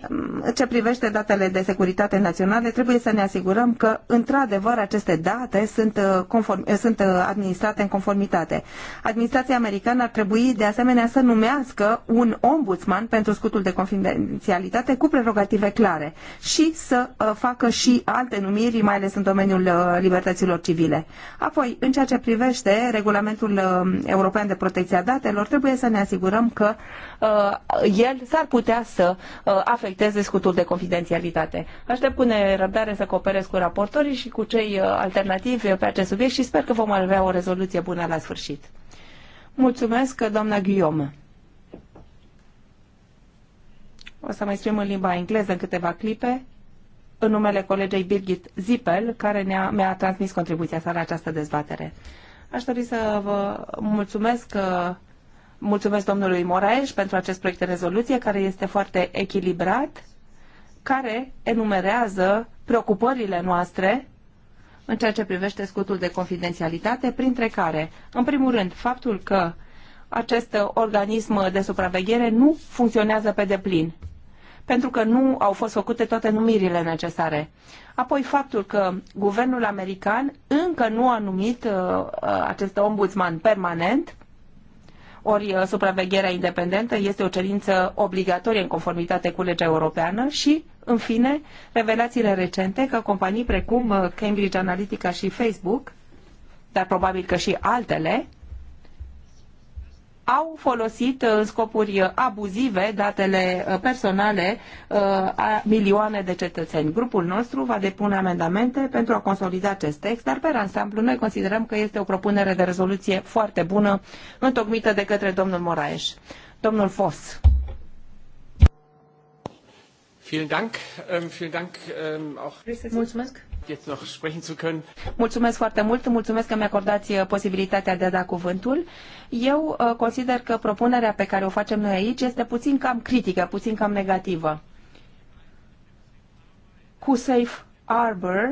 ce privește datele de securitate naționale, trebuie să ne asigurăm că, într-adevăr, aceste date sunt, uh, conform, uh, sunt uh, administrate în conformitate. Administrația americană ar trebui, de asemenea, să numească un ombudsman pentru scutul de confidențialitate cu prerogative clare și să facă și alte numiri, mai ales în domeniul libertăților civile. Apoi, în ceea ce privește regulamentul european de protecție a datelor, trebuie să ne asigurăm că Uh, el s-ar putea să uh, afecteze scutul de confidențialitate. Aștept cu nerăbdare să cooperez cu raportorii și cu cei uh, alternativi pe acest subiect și sper că vom avea o rezoluție bună la sfârșit. Mulțumesc, doamna Guillaume. O să mai exprim în limba engleză în câteva clipe în numele colegei Birgit Zipel, care ne-a, mi-a transmis contribuția sa la această dezbatere. Aș dori să vă mulțumesc Mulțumesc domnului Moraes pentru acest proiect de rezoluție care este foarte echilibrat, care enumerează preocupările noastre în ceea ce privește scutul de confidențialitate, printre care, în primul rând, faptul că acest organism de supraveghere nu funcționează pe deplin, pentru că nu au fost făcute toate numirile necesare. Apoi faptul că guvernul american încă nu a numit uh, acest ombudsman permanent, ori uh, supravegherea independentă este o cerință obligatorie în conformitate cu legea europeană și, în fine, revelațiile recente că companii precum uh, Cambridge Analytica și Facebook, dar probabil că și altele, au folosit în uh, scopuri uh, abuzive datele uh, personale a milioane de cetățeni. Grupul nostru va depune amendamente pentru a consolida acest text, dar pe ansamblu noi considerăm că este o propunere de rezoluție foarte bună, întocmită de către domnul Moraes. Domnul Foss. Ähm, ähm, Mulțumesc. Mulțumesc foarte mult, mulțumesc că mi-acordați uh, posibilitatea de a da cuvântul. Eu uh, consider că propunerea pe care o facem noi aici este puțin cam critică, puțin cam negativă. Cu Safe Arbor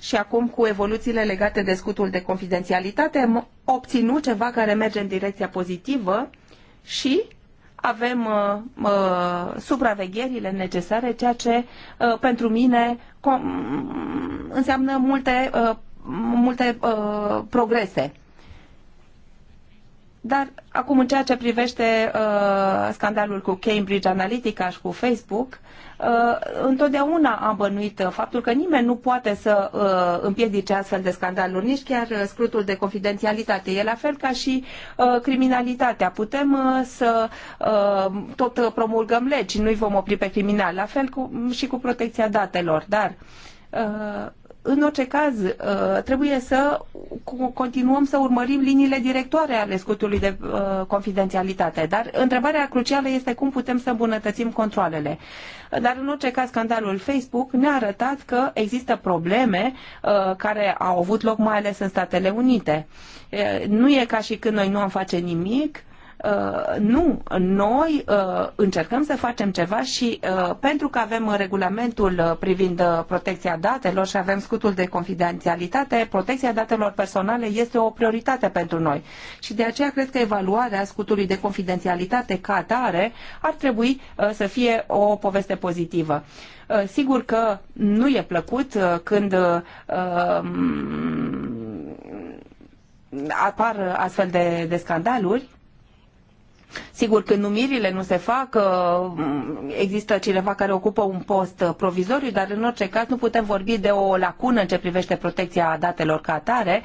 și acum cu evoluțiile legate de scutul de confidențialitate am obținut ceva care merge în direcția pozitivă și avem uh, uh, supravegherile necesare, ceea ce uh, pentru mine înseamnă multe, uh, multe uh, progrese. Dar acum în ceea ce privește uh, scandalul cu Cambridge Analytica și cu Facebook, Uh, întotdeauna am bănuit uh, faptul că nimeni nu poate să uh, împiedice astfel de scandaluri, nici chiar scrutul de confidențialitate. E la fel ca și criminalitatea. Putem să tot promulgăm legi, nu-i vom opri pe criminal. La fel cu, și cu protecția datelor, dar în orice caz, uh, trebuie să continuăm să urmărim liniile directoare ale scutului de uh, confidențialitate. Dar întrebarea crucială este cum putem să îmbunătățim controlele. Dar în orice caz, scandalul Facebook ne-a arătat că există probleme uh, care au avut loc mai ales în Statele Unite. Nu e ca și când noi nu am face nimic, Uh, nu, noi uh, încercăm să facem ceva și uh, pentru că avem regulamentul privind protecția datelor și avem scutul de confidențialitate, protecția datelor personale este o prioritate pentru noi. Și de aceea cred că evaluarea scutului de confidențialitate ca tare ar trebui să fie o poveste pozitivă. Sigur că nu e plăcut când um, apar astfel de, de scandaluri, Sigur, când numirile nu se fac, uh, există cineva care ocupă un post provizoriu, dar în orice caz nu putem vorbi de o lacună în ce privește protecția datelor ca atare.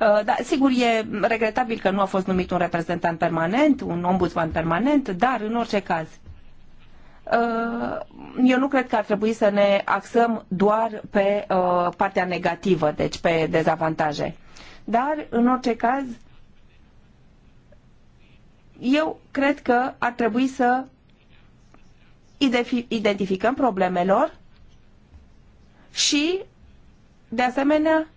Uh, dar, sigur, e regretabil că nu a fost numit un reprezentant permanent, un ombudsman permanent, dar în orice caz uh, eu nu cred că ar trebui să ne axăm doar pe partea negativă, deci pe dezavantaje. Dar, în orice caz, eu cred că ar trebui să identificăm problemelor și, de asemenea,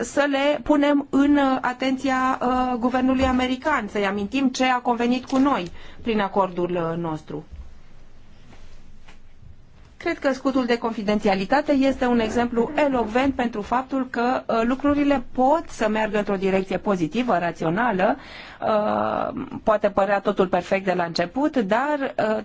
să le punem în uh, atenția uh, guvernului american, să-i amintim ce a convenit cu noi prin acordul uh, nostru. Cred că scutul de confidențialitate este un exemplu elovent pentru faptul că uh, lucrurile pot să meargă într-o direcție pozitivă, rațională. Uh, poate părea totul perfect de la început, dar uh,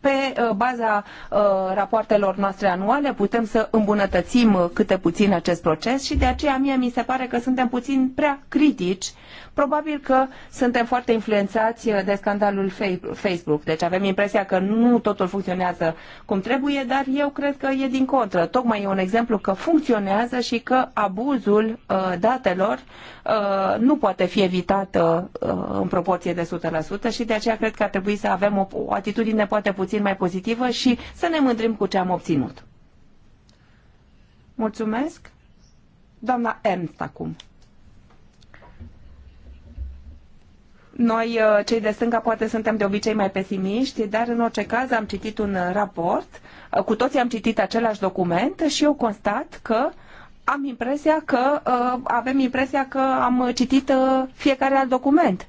pe uh, baza uh, rapoartelor noastre anuale putem să îmbunătățim uh, câte puțin acest proces și de aceea mie mi se pare că suntem puțin prea critici. Probabil că suntem foarte influențați de scandalul Facebook, deci avem impresia că nu totul funcționează cum trebuie, dar eu cred că e din contră. Tocmai e un exemplu că funcționează și că abuzul datelor nu poate fi evitat în proporție de 100% și de aceea cred că ar trebui să avem o, o atitudine poate poate puțin mai pozitivă și să ne mândrim cu ce am obținut. Mulțumesc. Doamna Ernst acum. Noi, uh, cei de stânga, poate suntem de obicei mai pesimiști, dar în orice caz am citit un raport, uh, cu toții am citit același document și eu constat că am impresia că uh, avem impresia că am citit fiecare alt document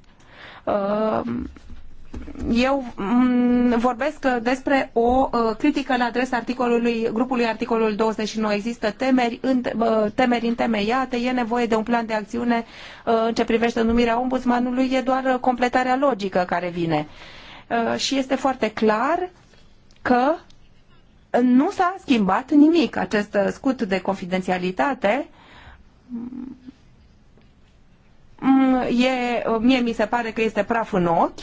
eu mm, vorbesc despre o uh, critică la adresa articolului, grupului articolul 29. Există temeri, în, uh, temeri întemeiate, e nevoie de un plan de acțiune uh, în ce privește numirea ombudsmanului, e doar completarea logică care vine. Și este foarte clar că nu s-a schimbat nimic acest scut de confidențialitate mm, e, mie mi se pare că este praf în ochi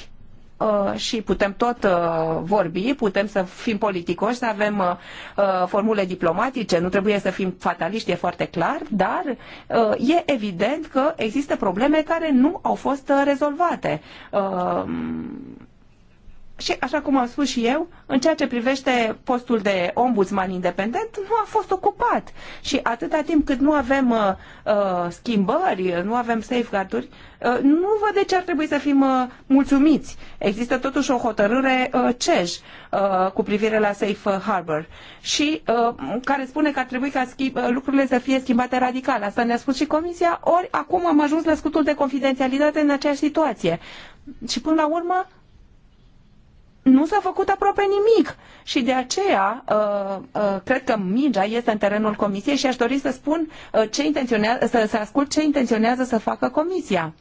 Uh, și putem tot uh, vorbi, putem să fim politicoși, să avem uh, formule diplomatice, nu trebuie să fim fataliști, e foarte clar, dar e evident că există probleme care nu au fost rezolvate și, așa cum am spus și eu, în ceea ce privește postul de ombudsman independent, nu a fost ocupat. Și atâta timp cât nu avem uh, uh, schimbări, nu avem safeguard-uri, uh, nu văd de ce ar trebui să fim uh, mulțumiți. Există totuși o hotărâre uh, CEJ uh, cu privire la Safe Harbor și uh, care spune că ar trebui ca schimb, uh, lucrurile să fie schimbate radical. Asta ne-a spus și Comisia, ori acum am ajuns la scutul de confidențialitate în aceeași situație. Și până la urmă, nu s-a făcut aproape nimic și de aceea uh, uh, cred că mingea este în terenul comisiei și aș dori să spun uh, ce intenționează, să, să ascult ce intenționează să facă comisia.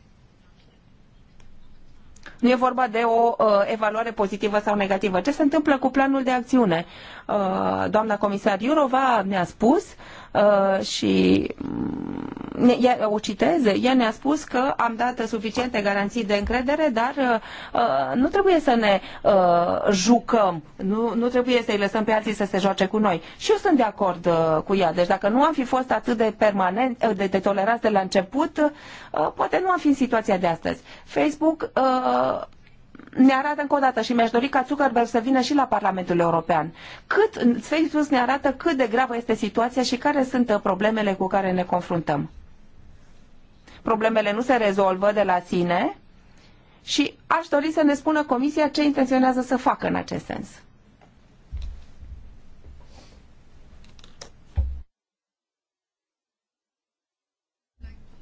Nu e vorba de o uh, evaluare pozitivă sau negativă. Ce se întâmplă cu planul de acțiune? Uh, doamna comisar Iurova ne-a spus uh, Uh, și mm, ne, ea, o citeze, ea ne-a spus că am dat suficiente garanții de încredere, dar uh, uh, nu trebuie să ne uh, jucăm, nu, nu trebuie să-i lăsăm pe alții să se joace cu noi. Și eu sunt de acord uh, cu ea, deci dacă nu am fi fost atât de permanent, uh, de, de tolerați de la început, uh, poate nu am fi în situația de astăzi. Facebook uh, ne arată încă o dată și mi-aș dori ca Zuckerberg să vină și la Parlamentul European. Cât, Facebook ne arată cât de gravă este situația și care sunt uh, problemele cu care ne confruntăm. Problemele nu se rezolvă de la sine și aș dori să ne spună Comisia ce intenționează să facă în acest sens.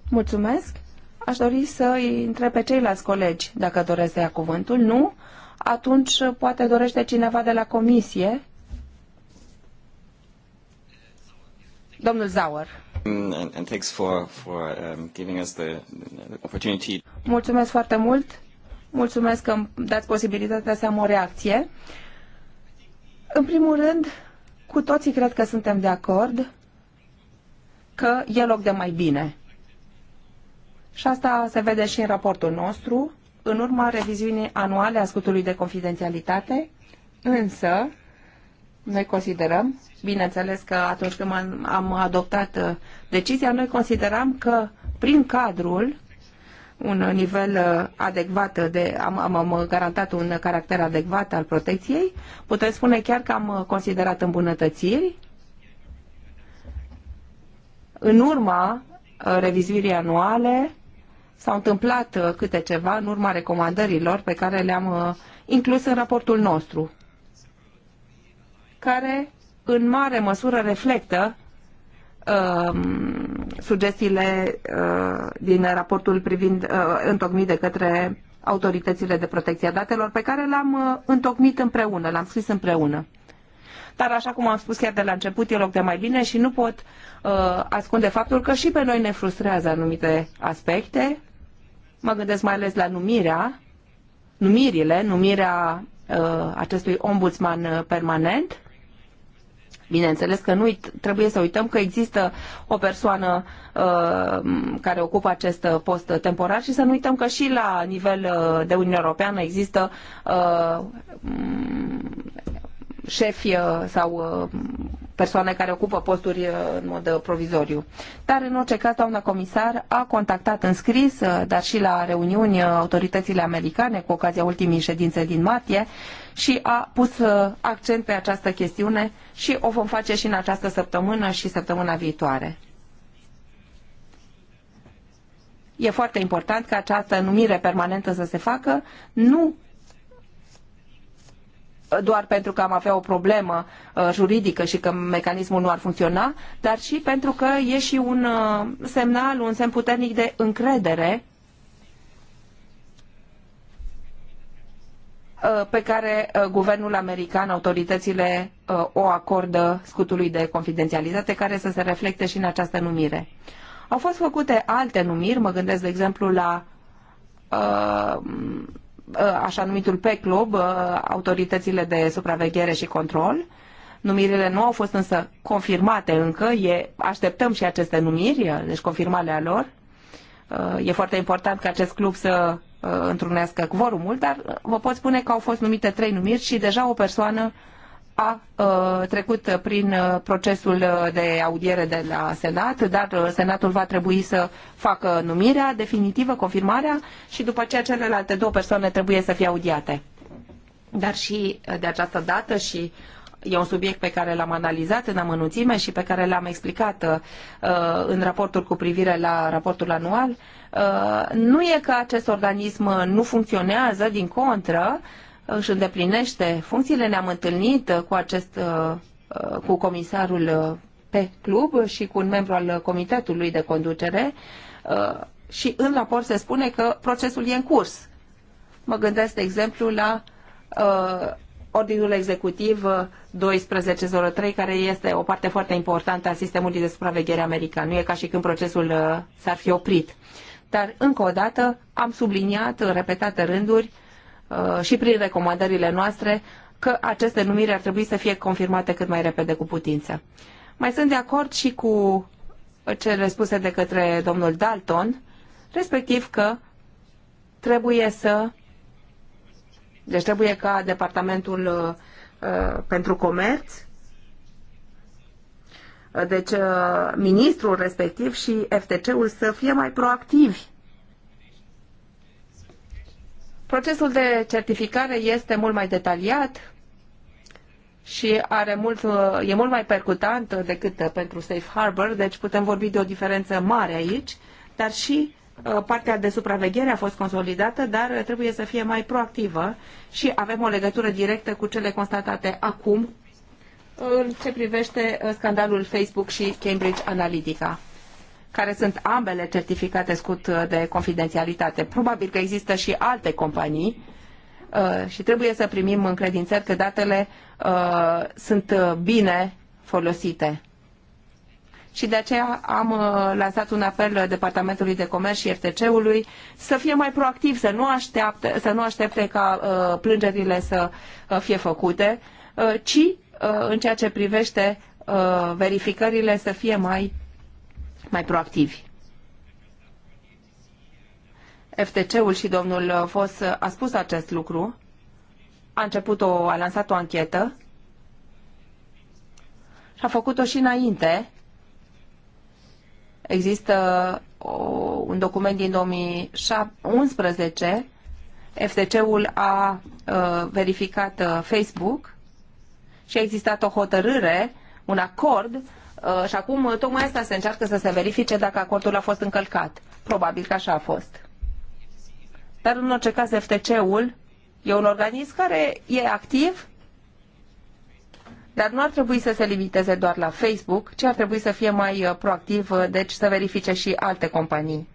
Mulțumesc! Aș dori să îi întreb pe ceilalți colegi dacă doresc să ia cuvântul. Nu? Atunci poate dorește cineva de la comisie. Domnul Zauer. Um, Mulțumesc foarte mult. Mulțumesc că îmi dați posibilitatea să am o reacție. În primul rând, cu toții cred că suntem de acord că e loc de mai bine și asta se vede și în raportul nostru, în urma reviziunii anuale a scutului de confidențialitate, însă noi considerăm, bineînțeles că atunci când am adoptat uh, decizia, noi consideram că prin cadrul un nivel uh, adecvat de, am, am, am garantat un caracter adecvat al protecției, putem spune chiar că am uh, considerat îmbunătățiri în urma revizuirii anuale s-au întâmplat uh, câte ceva în urma recomandărilor pe care le-am uh, inclus în raportul nostru, care în mare măsură reflectă um, sugestiile uh, din raportul privind uh, întocmit de către autoritățile de protecție a datelor pe care le am uh, întocmit împreună, le am scris împreună. Dar, așa cum am spus chiar de la început, e loc de mai bine și nu pot uh, ascunde faptul că și pe noi ne frustrează anumite aspecte. Mă gândesc mai ales la numirea, numirile, numirea uh, acestui ombudsman uh, permanent. Bineînțeles că nu trebuie să uităm că există o persoană uh, care ocupă acest post temporar și să nu uităm că și la nivel uh, de Uniunea Europeană există uh, șefi uh, sau uh, persoane care ocupă posturi uh, în mod provizoriu. Dar, în orice caz, doamna comisar a contactat în scris, dar și la reuniuni autoritățile americane cu ocazia ultimii ședințe din martie și a pus accent pe această chestiune și o vom face și în această săptămână și săptămâna viitoare. E foarte important ca această numire permanentă să se facă, nu doar pentru că am avea o problemă uh, juridică și că mecanismul nu ar funcționa, dar și pentru că e și un uh, semnal, un semn puternic de încredere uh, pe care guvernul american, autoritățile o acordă scutului de confidențialitate care să se reflecte și în această numire. Au fost făcute alte numiri, mă gândesc de exemplu la uh, Uh, așa numitul club uh, autoritățile de supraveghere și control. Numirile nu au fost însă confirmate încă, e, așteptăm și aceste numiri, uh, deci confirmarea lor. E foarte important ca acest club să întrunească mult, dar vă pot spune că au fost numite trei numiri și deja o persoană uh, a trecut prin procesul de audiere de la Senat, dar Senatul va trebui să facă numirea definitivă, confirmarea și după aceea celelalte două persoane trebuie să fie audiate. Dar și de această dată și e un subiect pe care l-am analizat în amănunțime și pe care l-am explicat în raportul cu privire la raportul anual. nu e că acest organism nu funcționează, din contră, își îndeplinește funcțiile. Ne-am întâlnit uh, cu acest uh, uh, cu comisarul pe club și cu un membru al comitetului de conducere și în raport se spune că procesul e în curs. Mă gândesc, de exemplu, la Ordinul Executiv 1203, care este o parte foarte importantă a sistemului de supraveghere american. Nu e ca și când procesul s-ar fi oprit. Dar, încă o dată, am subliniat în repetate rânduri Uh, și prin recomandările noastre că aceste numiri ar trebui să fie confirmate cât mai repede cu putință. Mai sunt de acord și cu cele spuse de către domnul Dalton, respectiv că trebuie să deci trebuie ca departamentul uh, pentru comerț uh, deci uh, ministrul respectiv și FTC-ul să fie mai proactivi Procesul de certificare este mult mai detaliat și are mult, e mult mai percutant decât pentru Safe Harbor, deci putem vorbi de o diferență mare aici, dar și uh, partea de supraveghere a fost consolidată, dar trebuie să fie mai proactivă și avem o legătură directă cu cele constatate acum în ce privește uh, scandalul Facebook și Cambridge Analytica care sunt ambele certificate scut uh, de confidențialitate. Probabil că există și alte companii uh, și trebuie să primim încredințări că datele uh, sunt bine folosite. Și de aceea am lansat un apel Departamentului de Comerț și FTC-ului să fie mai proactiv, să nu, aștepte să nu aștepte ca plângerile să fie făcute, ci în ceea ce privește verificările să fie mai mai proactivi. FTC-ul și domnul Fos a spus acest lucru, a început o, a lansat o anchetă și a făcut-o și înainte. Există o, un document din 2011, FTC-ul a a uh, verificat uh, Facebook și a existat o hotărâre, un acord Uh, și acum uh, tocmai asta se încearcă să se verifice dacă acordul a fost încălcat. Probabil că așa a fost. Dar în orice caz FTC-ul e un organism care e activ, dar nu ar trebui să se limiteze doar la Facebook, ci ar trebui să fie mai uh, proactiv, deci să verifice și alte companii.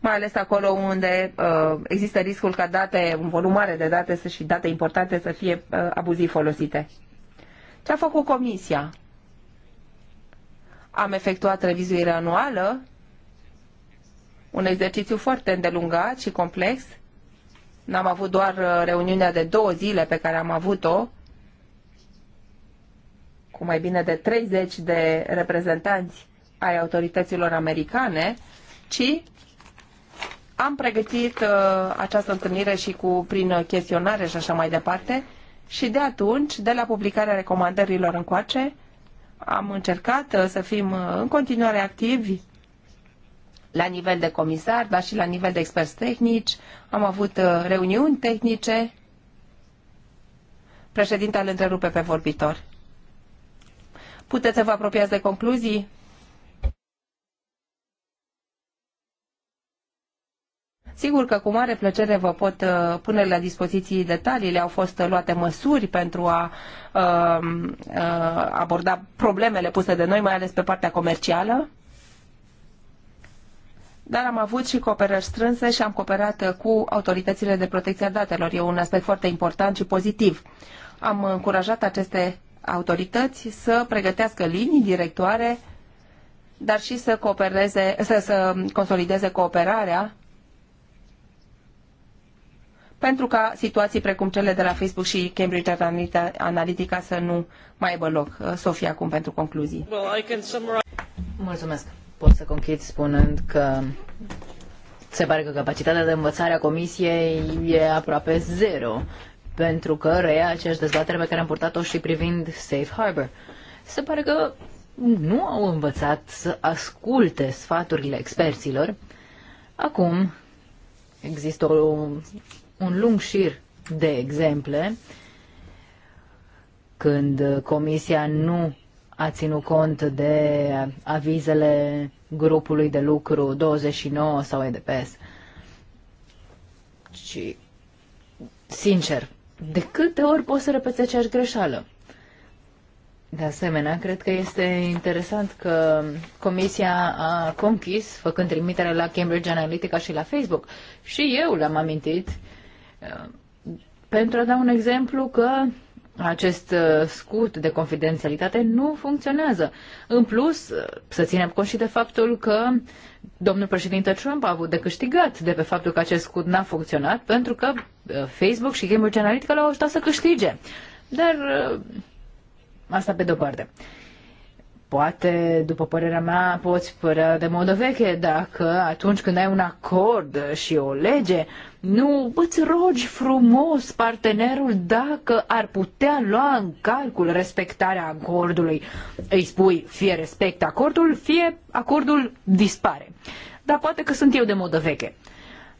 mai ales acolo unde uh, există riscul ca date, un volum mare de date să, și date importante să fie uh, abuziv folosite. Ce a făcut Comisia? Am efectuat revizuire anuală, un exercițiu foarte îndelungat și complex. N-am avut doar uh, reuniunea de două zile pe care am avut-o, cu mai bine de 30 de reprezentanți ai autorităților americane, ci am pregătit uh, această întâlnire și cu, prin chestionare și așa mai departe și de atunci, de la publicarea recomandărilor încoace, am încercat uh, să fim uh, în continuare activi la nivel de comisar, dar și la nivel de experți tehnici. Am avut uh, reuniuni tehnice. Președintele întrerupe pe vorbitor. Puteți să vă apropiați de concluzii? Sigur că cu mare plăcere vă pot uh, pune la dispoziție detaliile. Au fost luate măsuri pentru a uh, uh, aborda problemele puse de noi, mai ales pe partea comercială dar am avut și cooperări strânse și am cooperat cu autoritățile de protecție a datelor. E un aspect foarte important și pozitiv. Am încurajat aceste autorități să pregătească linii directoare, dar și să, coopereze, să, să consolideze cooperarea pentru ca situații precum cele de la Facebook și Cambridge Analytica să nu mai aibă loc. Uh, Sofia, acum pentru concluzii. Mulțumesc. Pot să conchid spunând că se pare că capacitatea de învățare a comisiei e aproape zero, pentru că reia aceeași dezbatere pe care am purtat-o și privind Safe Harbor. Se pare că nu au învățat să asculte sfaturile experților. Acum există o un lung șir de exemple când comisia nu a ținut cont de avizele grupului de lucru 29 sau EDPS. Și, sincer, de câte ori poți să repeți aceeași greșeală? De asemenea, cred că este interesant că Comisia a conchis, făcând trimitere la Cambridge Analytica și la Facebook. Și eu le-am amintit uh, pentru a da un exemplu că acest uh, scut de confidențialitate nu funcționează. În plus, uh, să ținem cont și de faptul că domnul președinte Trump a avut de câștigat de pe faptul că acest scut n-a funcționat, pentru că uh, Facebook și Cambridge Analytica l-au ajutat să câștige. Dar asta pe de-o parte. Uh, Poate, după părerea mea, poți părea de modă veche dacă atunci când ai un acord și o lege, nu îți rogi frumos partenerul dacă ar putea lua în calcul respectarea acordului. Îi spui fie respect acordul, fie acordul dispare. Dar poate că sunt eu de modă veche.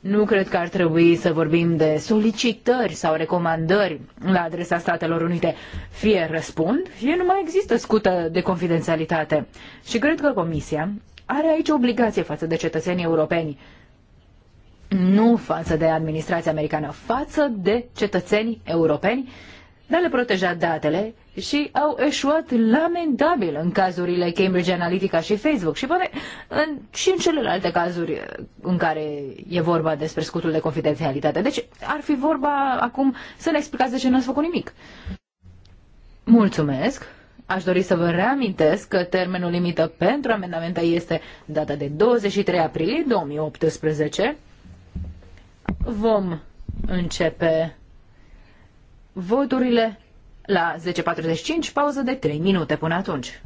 Nu cred că ar trebui să vorbim de solicitări sau recomandări la adresa Statelor Unite. Fie răspund, fie nu mai există scută de confidențialitate. Și cred că Comisia are aici obligație față de cetățenii europeni, nu față de administrația americană, față de cetățenii europeni dar le proteja datele și au eșuat lamentabil în cazurile Cambridge Analytica și Facebook și poate în, și în celelalte cazuri eh, în care e vorba despre scutul de confidențialitate. Deci ar fi vorba acum să ne explicați de ce nu ați făcut nimic. Mulțumesc! Aș dori să vă reamintesc că termenul limită pentru amendamente este data de 23 aprilie 2018. Vom începe voturile la 10.45, pauză de 3 minute până atunci.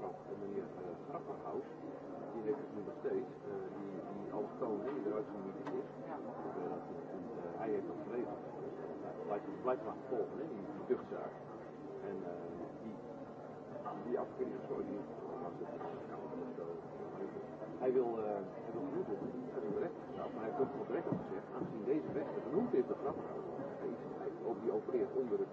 straf. En äh, meneer uh, äh, Grapperhaus, die heeft het nu nog steeds, uh, die, die allochtoon die eruit gemutileerd eh, is. Ja. Uh, dat, en, uh, eh, hij heeft dat geregeld. Blijft, blijft maar volgen, hè, die, die duchtzaak. En uh, die, die afkering, sorry, die was het. Hij wil, uh, hij wil genoemd worden. Hij wil recht gesteld, maar hij heeft ook voor het recht gezegd. Aangezien deze rechter genoemd is, de Grapperhaus, hij, hij, ook hij opereert onder het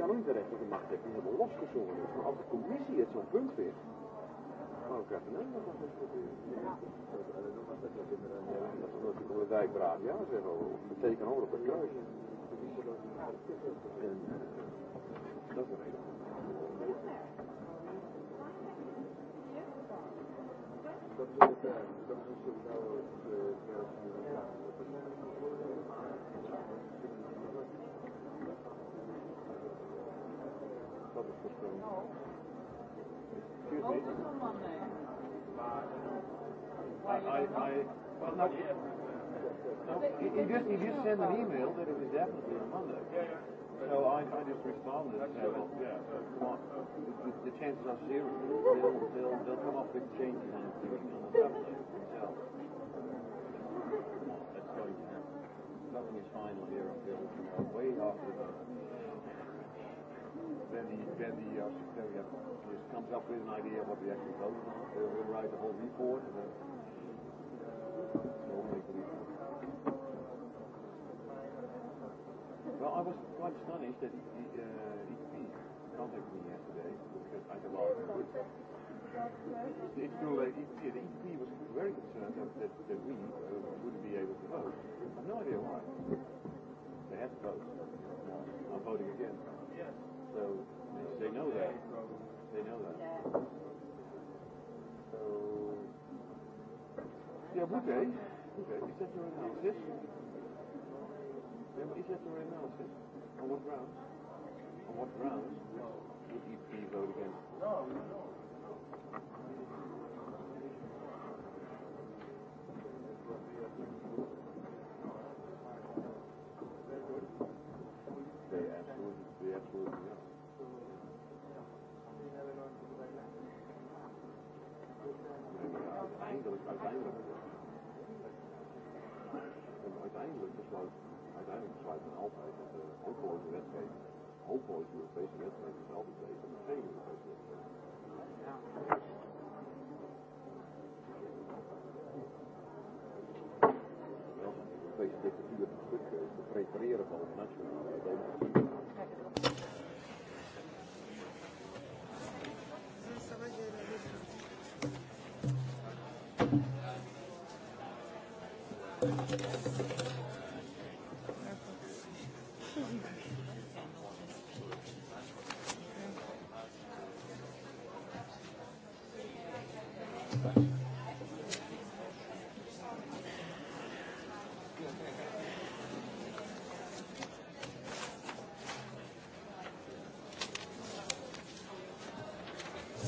kan ook de rechter de macht heeft die helemaal losgezongen is. Maar als de commissie het zo'n punt vindt, dan krijgt een ander dat niet proberen. Dat is natuurlijk om de dijkbraad, ja, zeggen we. Dat teken op het kruis. En dat is een reden. Dat is een soort If you, if you send an email, then it was definitely on Monday. Yeah, yeah. So I, I just responded and said, well, yeah. the, the chances are zero. They'll, they'll, they'll come up with changes on the Saturday themselves. Nothing is final here until, way after the then the, then the uh, Secretariat just comes up with an idea of what the actual vote is. They will write the whole report and then uh, Well, I was quite astonished that he, he, uh, EP contacted me yesterday because I said, well, it's true that he the EP was very concerned that, that, that we uh, wouldn't be able to vote. I have no idea why. They have to vote. Now I'm voting again. So they, they know that. They know that. So yeah, would they? Would they? Is that your analysis? Is that your analysis? On what grounds? On what grounds would, would EP vote against? No, no. zoals uiteindelijk besluiten altijd dat de hooploze wetgeving, hooploze Europese wetgeving is altijd beter dan geen Europese wetgeving. Ja. Deze dictatuur een stuk te prepareren van de nationale democratie. Thank you.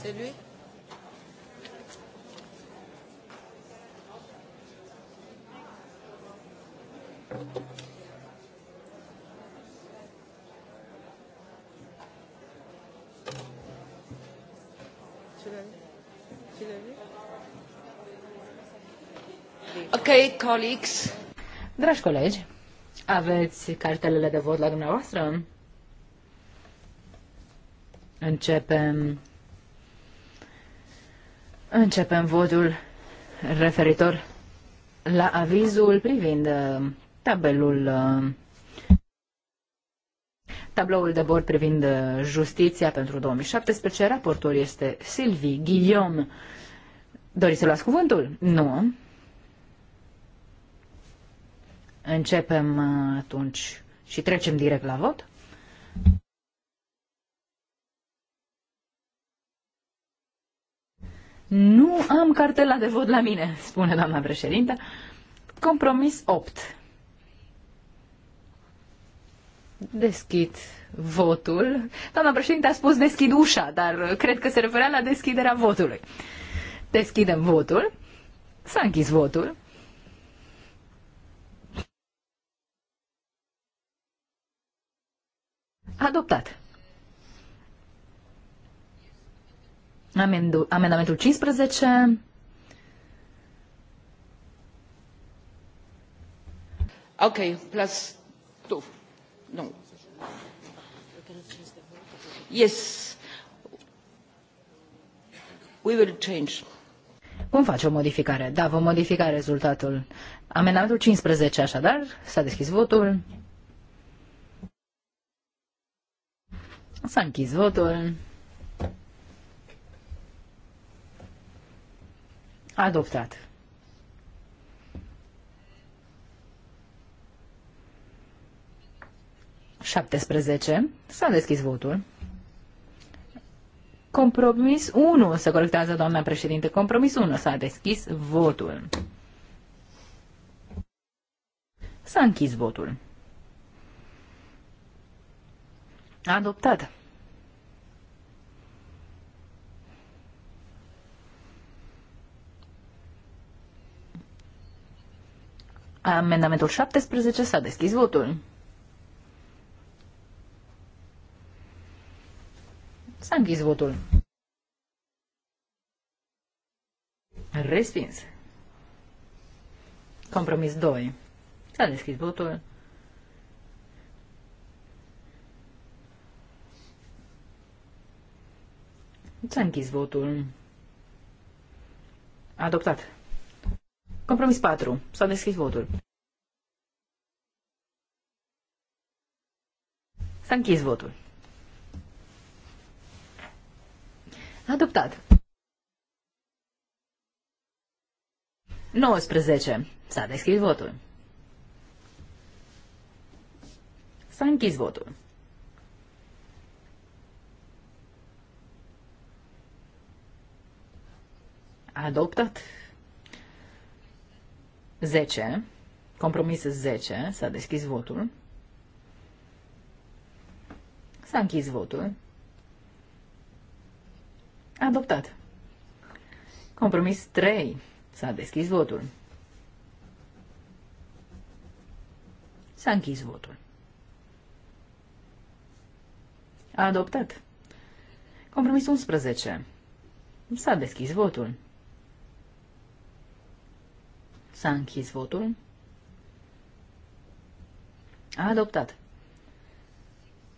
C'est lui Okay, colleagues. Dragi colegi, aveți cartelele de vot la dumneavoastră? Începem Începem votul referitor la avizul privind uh, tabelul uh, tabloul de bord privind uh, justiția pentru 2017. Raportor este Silvii Guillaume. Doriți să luați cuvântul? Nu. Începem atunci și trecem direct la vot. Nu am cartela de vot la mine, spune doamna președintă. Compromis 8. Deschid votul. Doamna președintă a spus deschid ușa, dar cred că se referea la deschiderea votului. Deschidem votul. S-a închis votul. Adoptat. Amendamentul 15. Ok, plus 2. Nu. Yes. We will change. Vom face o modificare. Da, vom modifica rezultatul. Amendamentul 15, așadar, s-a deschis votul. S-a închis votul. Adoptat. S-a deschis votul. Compromis 1 se corectează, doamna președinte. Compromis 1 s-a deschis votul. S-a închis votul. Adoptat. Amendamentul 17 s-a deschis votul. S-a închis votul. Respins. Compromis 2. S-a deschis votul. S-a închis votul. Adoptat. Compromis 4. S-a deschis votul. S-a închis votul. Adoptat. 19. S-a deschis votul. S-a închis votul. Adoptat. 10, compromis 10, s-a deschis votul. S-a închis votul. Adoptat. Compromis 3. S-a deschis votul. S-a închis votul. A adoptat. Compromis 11. S-a deschis votul. S-a închis votul. A adoptat.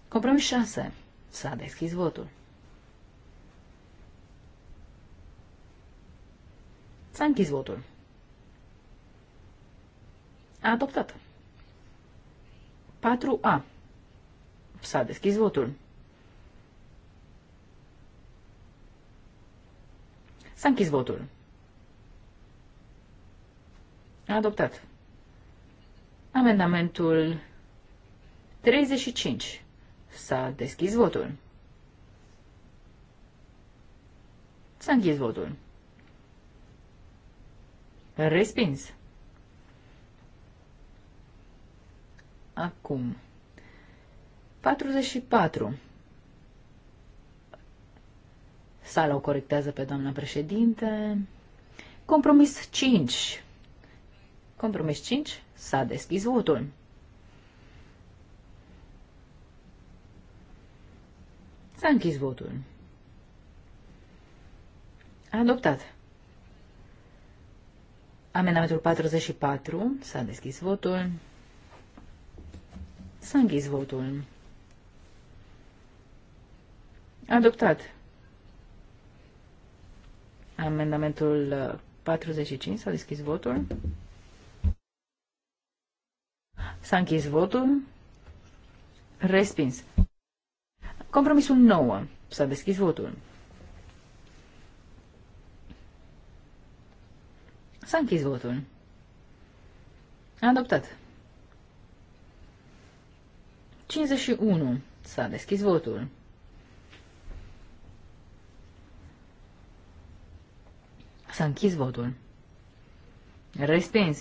Compromis 6. S-a deschis votul. S-a închis votul. A adoptat. 4A. S-a deschis votul. S-a închis votul. Adoptat. Amendamentul 35. S-a deschis votul. S-a închis votul. Respins. Acum. 44. Sala o corectează pe doamna președinte. Compromis 5. Compromis 5. S-a deschis votul. S-a închis votul. Adoptat. Amendamentul 44. S-a deschis votul. S-a închis votul. Adoptat. Amendamentul 45. S-a deschis votul. S-a închis votul. Respins. Compromisul 9. S-a deschis votul. S-a închis votul. Adoptat. 51. S-a deschis votul. S-a închis votul. Respins.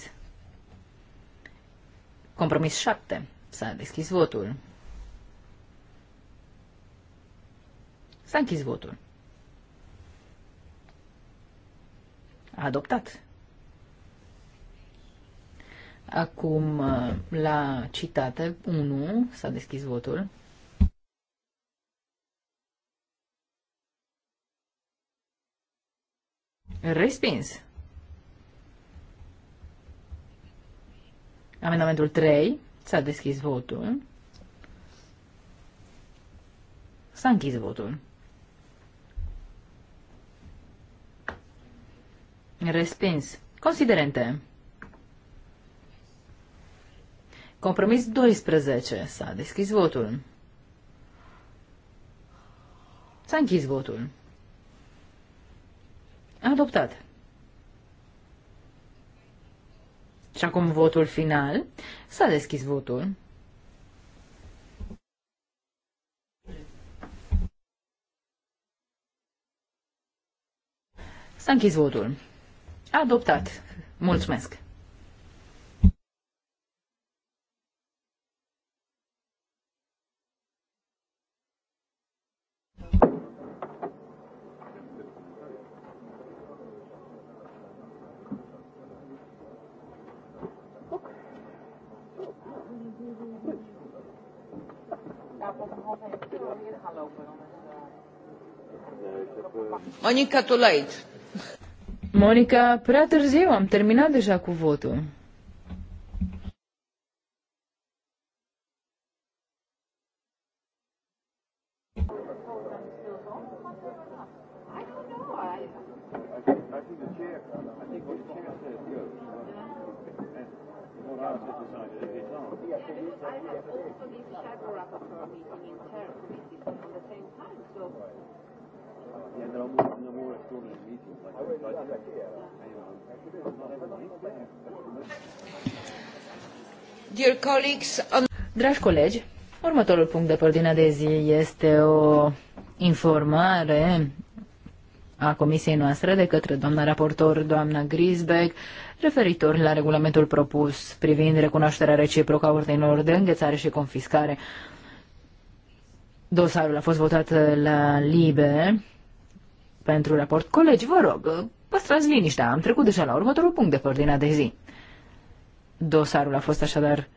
Compromis 7. S-a deschis votul. S-a închis votul. A adoptat. Acum, uh, la citate 1, s-a deschis votul. Respins. Amendamentul 3. S-a deschis votul. S-a închis votul. Respins. Considerente. Compromis 12. S-a deschis votul. S-a închis votul. Adoptat. Și acum votul final. S-a deschis votul. S-a închis votul. Adoptat. Mulțumesc. Monica, prea târziu, am terminat deja cu votul. Um, Dragi colegi, următorul punct de pe de zi este o informare a comisiei noastre de către doamna raportor, doamna Grisbeck, referitor la regulamentul propus privind recunoașterea reciprocă a ordinilor de înghețare și confiscare. Dosarul a fost votat la LIBE pentru raport. Colegi, vă rog, păstrați liniștea, am trecut deja la următorul punct de pe de zi. Dosarul a fost așadar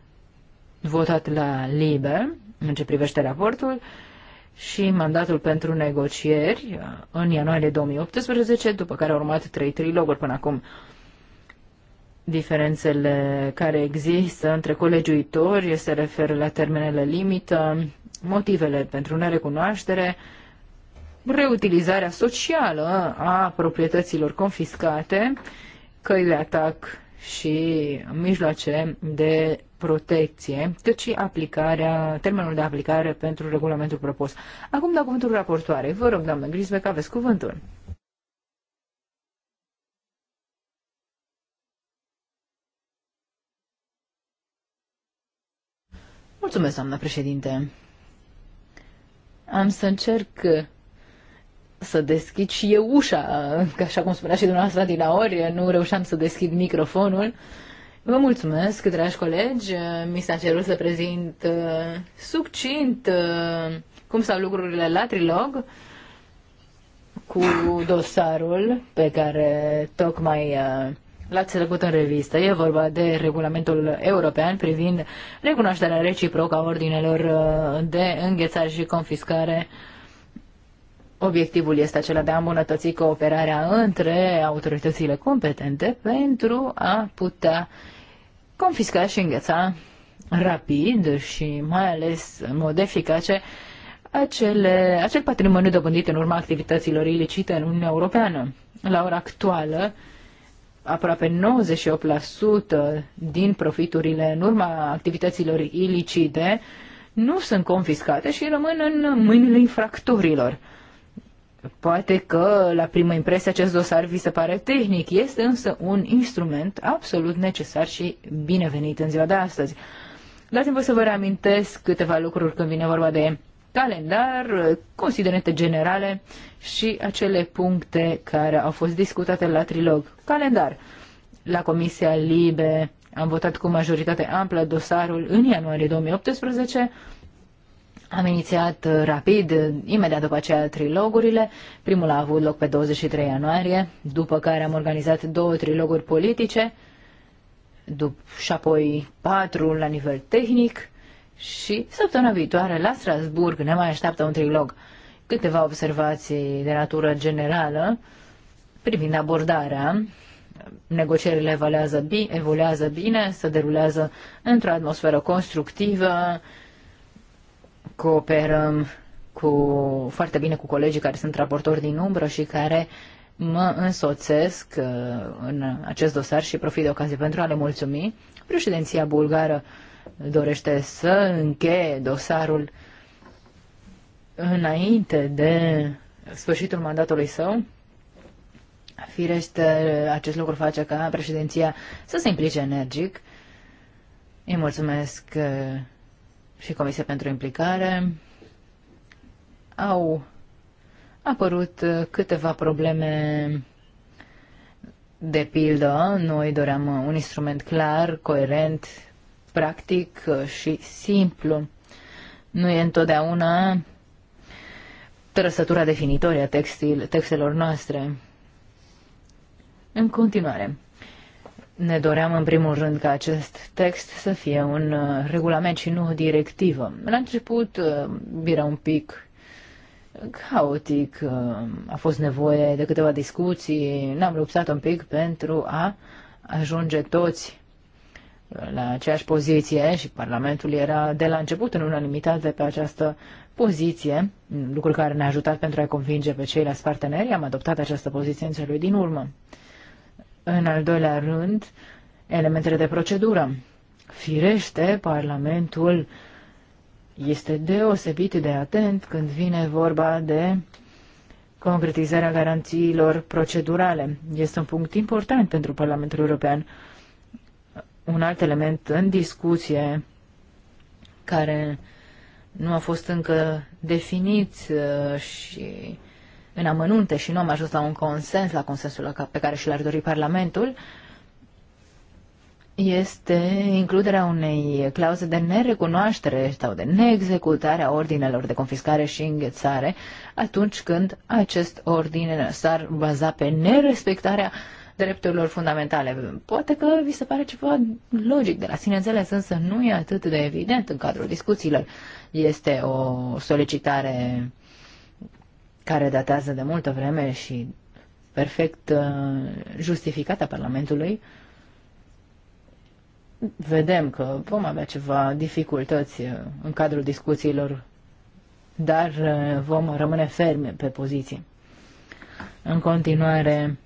votat la LIBE în ce privește raportul și mandatul pentru negocieri uh, în ianuarie 2018, după care au urmat trei triloguri până acum. Diferențele care există între colegiuitori se referă la termenele limită, motivele pentru nerecunoaștere, reutilizarea socială a proprietăților confiscate, căi de atac și mijloace de protecție, cât și aplicarea, termenul de aplicare pentru regulamentul propus. Acum dau cuvântul raportoarei. Vă rog, doamnă că aveți cuvântul. Mulțumesc, doamnă președinte. Am să încerc să deschid și eu ușa, că așa cum spunea și dumneavoastră din la ori, nu reușeam să deschid microfonul. Vă mulțumesc, dragi colegi, mi s-a cerut să prezint uh, succint uh, cum stau lucrurile la Trilog cu dosarul pe care tocmai uh, l-ați trecut în revistă. E vorba de regulamentul european privind recunoașterea reciprocă a ordinelor uh, de înghețare și confiscare uh, Obiectivul este acela de a îmbunătăți cooperarea între autoritățile competente pentru a putea confisca și îngheța rapid și mai ales în mod eficace acele, acel patrimoniu dobândit în urma activităților ilicite în Uniunea Europeană. La ora actuală, aproape 98% din profiturile în urma activităților ilicite nu sunt confiscate și rămân în mâinile infractorilor. Poate că la primă impresie acest dosar vi se pare tehnic, este însă un instrument absolut necesar și binevenit în ziua de astăzi. Dați-mi să vă reamintesc câteva lucruri când vine vorba de calendar, considerente generale și acele puncte care au fost discutate la trilog. Calendar. La Comisia Libe am votat cu majoritate amplă dosarul în ianuarie 2018 am inițiat uh, rapid, uh, imediat după aceea, trilogurile. Primul a avut loc pe 23 ianuarie, după care am organizat două triloguri politice dup- și apoi patru la nivel tehnic și săptămâna viitoare la Strasburg ne mai așteaptă un trilog. Câteva observații de natură generală privind abordarea. Negocierile evoluează, bine, se derulează într-o atmosferă constructivă, Cooperăm cu, foarte bine cu colegii care sunt raportori din umbră și care mă însoțesc uh, în acest dosar și profit de ocazie pentru a le mulțumi. Președinția bulgară dorește să încheie dosarul înainte de sfârșitul mandatului său. Firește, acest lucru face ca președinția să se implice energic. Îi mulțumesc uh, și Comisia pentru Implicare au apărut câteva probleme de pildă, noi doream un instrument clar, coerent, practic și simplu. Nu e întotdeauna trăsătura definitorie a textil, textelor noastre. În continuare, ne doream în primul rând ca acest text să fie un uh, regulament și nu o directivă. La început uh, era un pic caotic, uh, a fost nevoie de câteva discuții, ne-am luptat un pic pentru a ajunge toți la aceeași poziție și Parlamentul era de la început în unanimitate pe această poziție, lucru care ne-a ajutat pentru a convinge pe ceilalți parteneri, am adoptat această poziție în celui din urmă. În al doilea rând, elementele de procedură. Firește, Parlamentul este deosebit de atent când vine vorba de concretizarea garanțiilor procedurale. Este un punct important pentru Parlamentul European. Un alt element în discuție care nu a fost încă definit uh, și în amănunte și nu am ajuns la un consens, la consensul pe care și l-ar dori Parlamentul, este includerea unei clauze de nerecunoaștere sau de neexecutare a ordinelor de confiscare și înghețare atunci când acest ordin s-ar baza pe nerespectarea drepturilor fundamentale. Poate că vi se pare ceva logic de la sine înțeles, însă nu e atât de evident în cadrul discuțiilor. Este o solicitare uh, care datează de multă vreme și perfect uh, justificată a Parlamentului, vedem că vom avea ceva dificultăți uh, în cadrul discuțiilor, dar uh, vom rămâne ferme pe poziții. În continuare,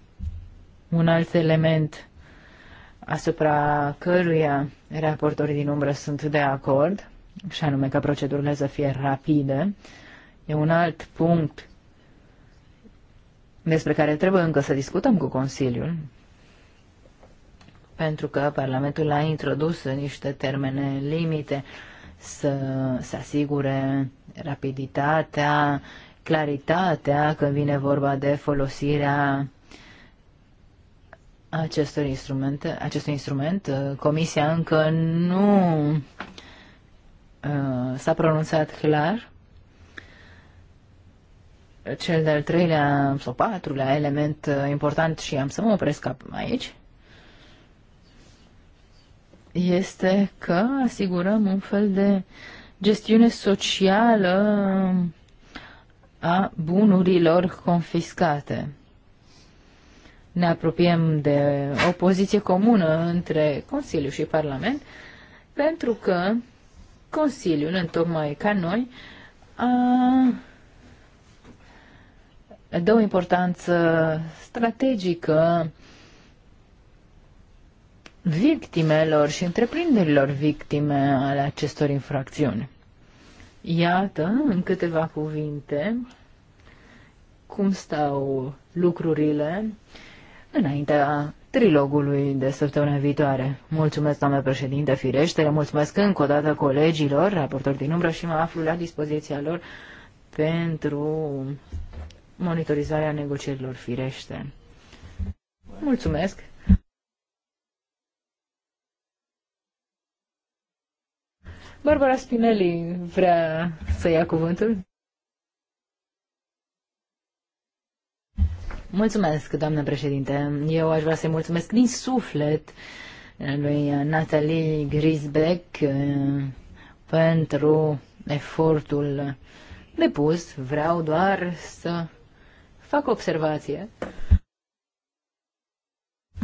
un alt element asupra căruia raportorii din umbră sunt de acord, și anume că procedurile să fie rapide, e un alt punct despre care trebuie încă să discutăm cu Consiliul, pentru că Parlamentul a introdus niște termene limite să se asigure rapiditatea, claritatea când vine vorba de folosirea acestor instrumente, acestui instrument. Comisia încă nu uh, s-a pronunțat clar cel de-al treilea sau patrulea element uh, important și am să mă opresc aici, este că asigurăm un fel de gestiune socială a bunurilor confiscate. Ne apropiem de o poziție comună între Consiliu și Parlament, pentru că Consiliul, întocmai ca noi, a de o importanță strategică victimelor și întreprinderilor victime ale acestor infracțiuni. Iată, în câteva cuvinte, cum stau lucrurile înaintea trilogului de săptămâna viitoare. Mulțumesc, doamnă președinte, firește, le mulțumesc încă o dată colegilor, raportori din umbră și mă aflu la dispoziția lor pentru monitorizarea negocierilor firește. Mulțumesc! Barbara Spinelli vrea să ia cuvântul. Mulțumesc, doamnă președinte. Eu aș vrea să-i mulțumesc din suflet lui Natalie Grisbeck eh, pentru efortul depus. Vreau doar să fac o observație,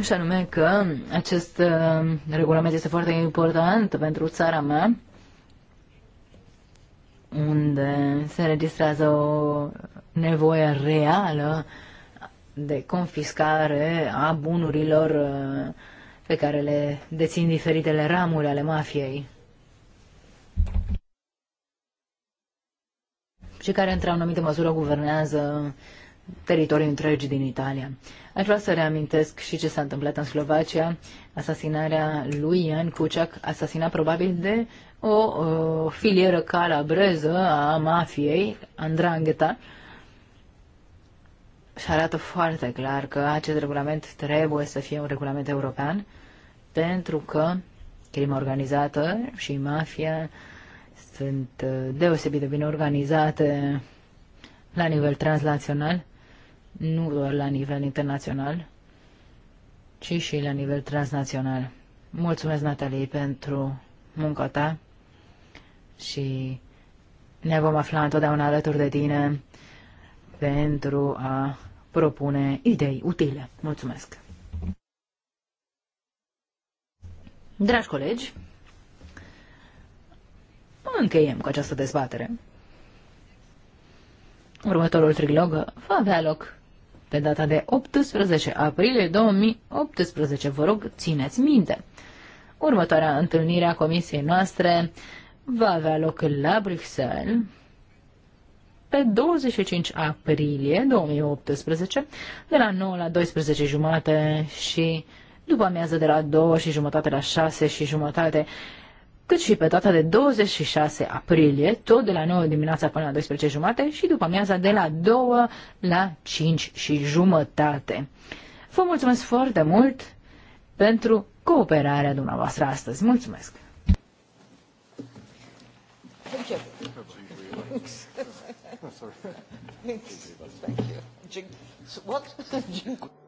și anume că acest uh, regulament este foarte important pentru țara mea, unde se registrează o nevoie reală de confiscare a bunurilor uh, pe care le dețin diferitele ramuri ale mafiei. Și care, într-o anumită măsură, guvernează teritorii întregi din Italia. Aș vrea să reamintesc și ce s-a întâmplat în Slovacia, asasinarea lui Ian Cuciac, asasinat probabil de o, o filieră calabreză a mafiei, Andrangheta, și arată foarte clar că acest regulament trebuie să fie un regulament european, pentru că crima organizată și mafia sunt uh, deosebit de bine organizate la nivel transnațional nu doar la nivel internațional, ci și la nivel transnațional. Mulțumesc, Natalie, pentru munca ta și ne vom afla întotdeauna alături de tine pentru a propune idei utile. Mulțumesc! Dragi colegi, încheiem cu această dezbatere. Următorul trilog va avea loc pe data de 18 aprilie 2018. Vă rog, țineți minte. Următoarea întâlnire a comisiei noastre va avea loc la Bruxelles pe 25 aprilie 2018 de la 9 la 12 jumate și după amiază de la 2 și jumătate la 6 și jumătate cât și pe data de 26 aprilie, tot de la 9 dimineața până la 12 jumate și după amiaza de la 2 la 5 și jumătate. Vă mulțumesc foarte mult pentru cooperarea dumneavoastră astăzi. Mulțumesc! Thank you. Thanks. Thanks. Thank you. What?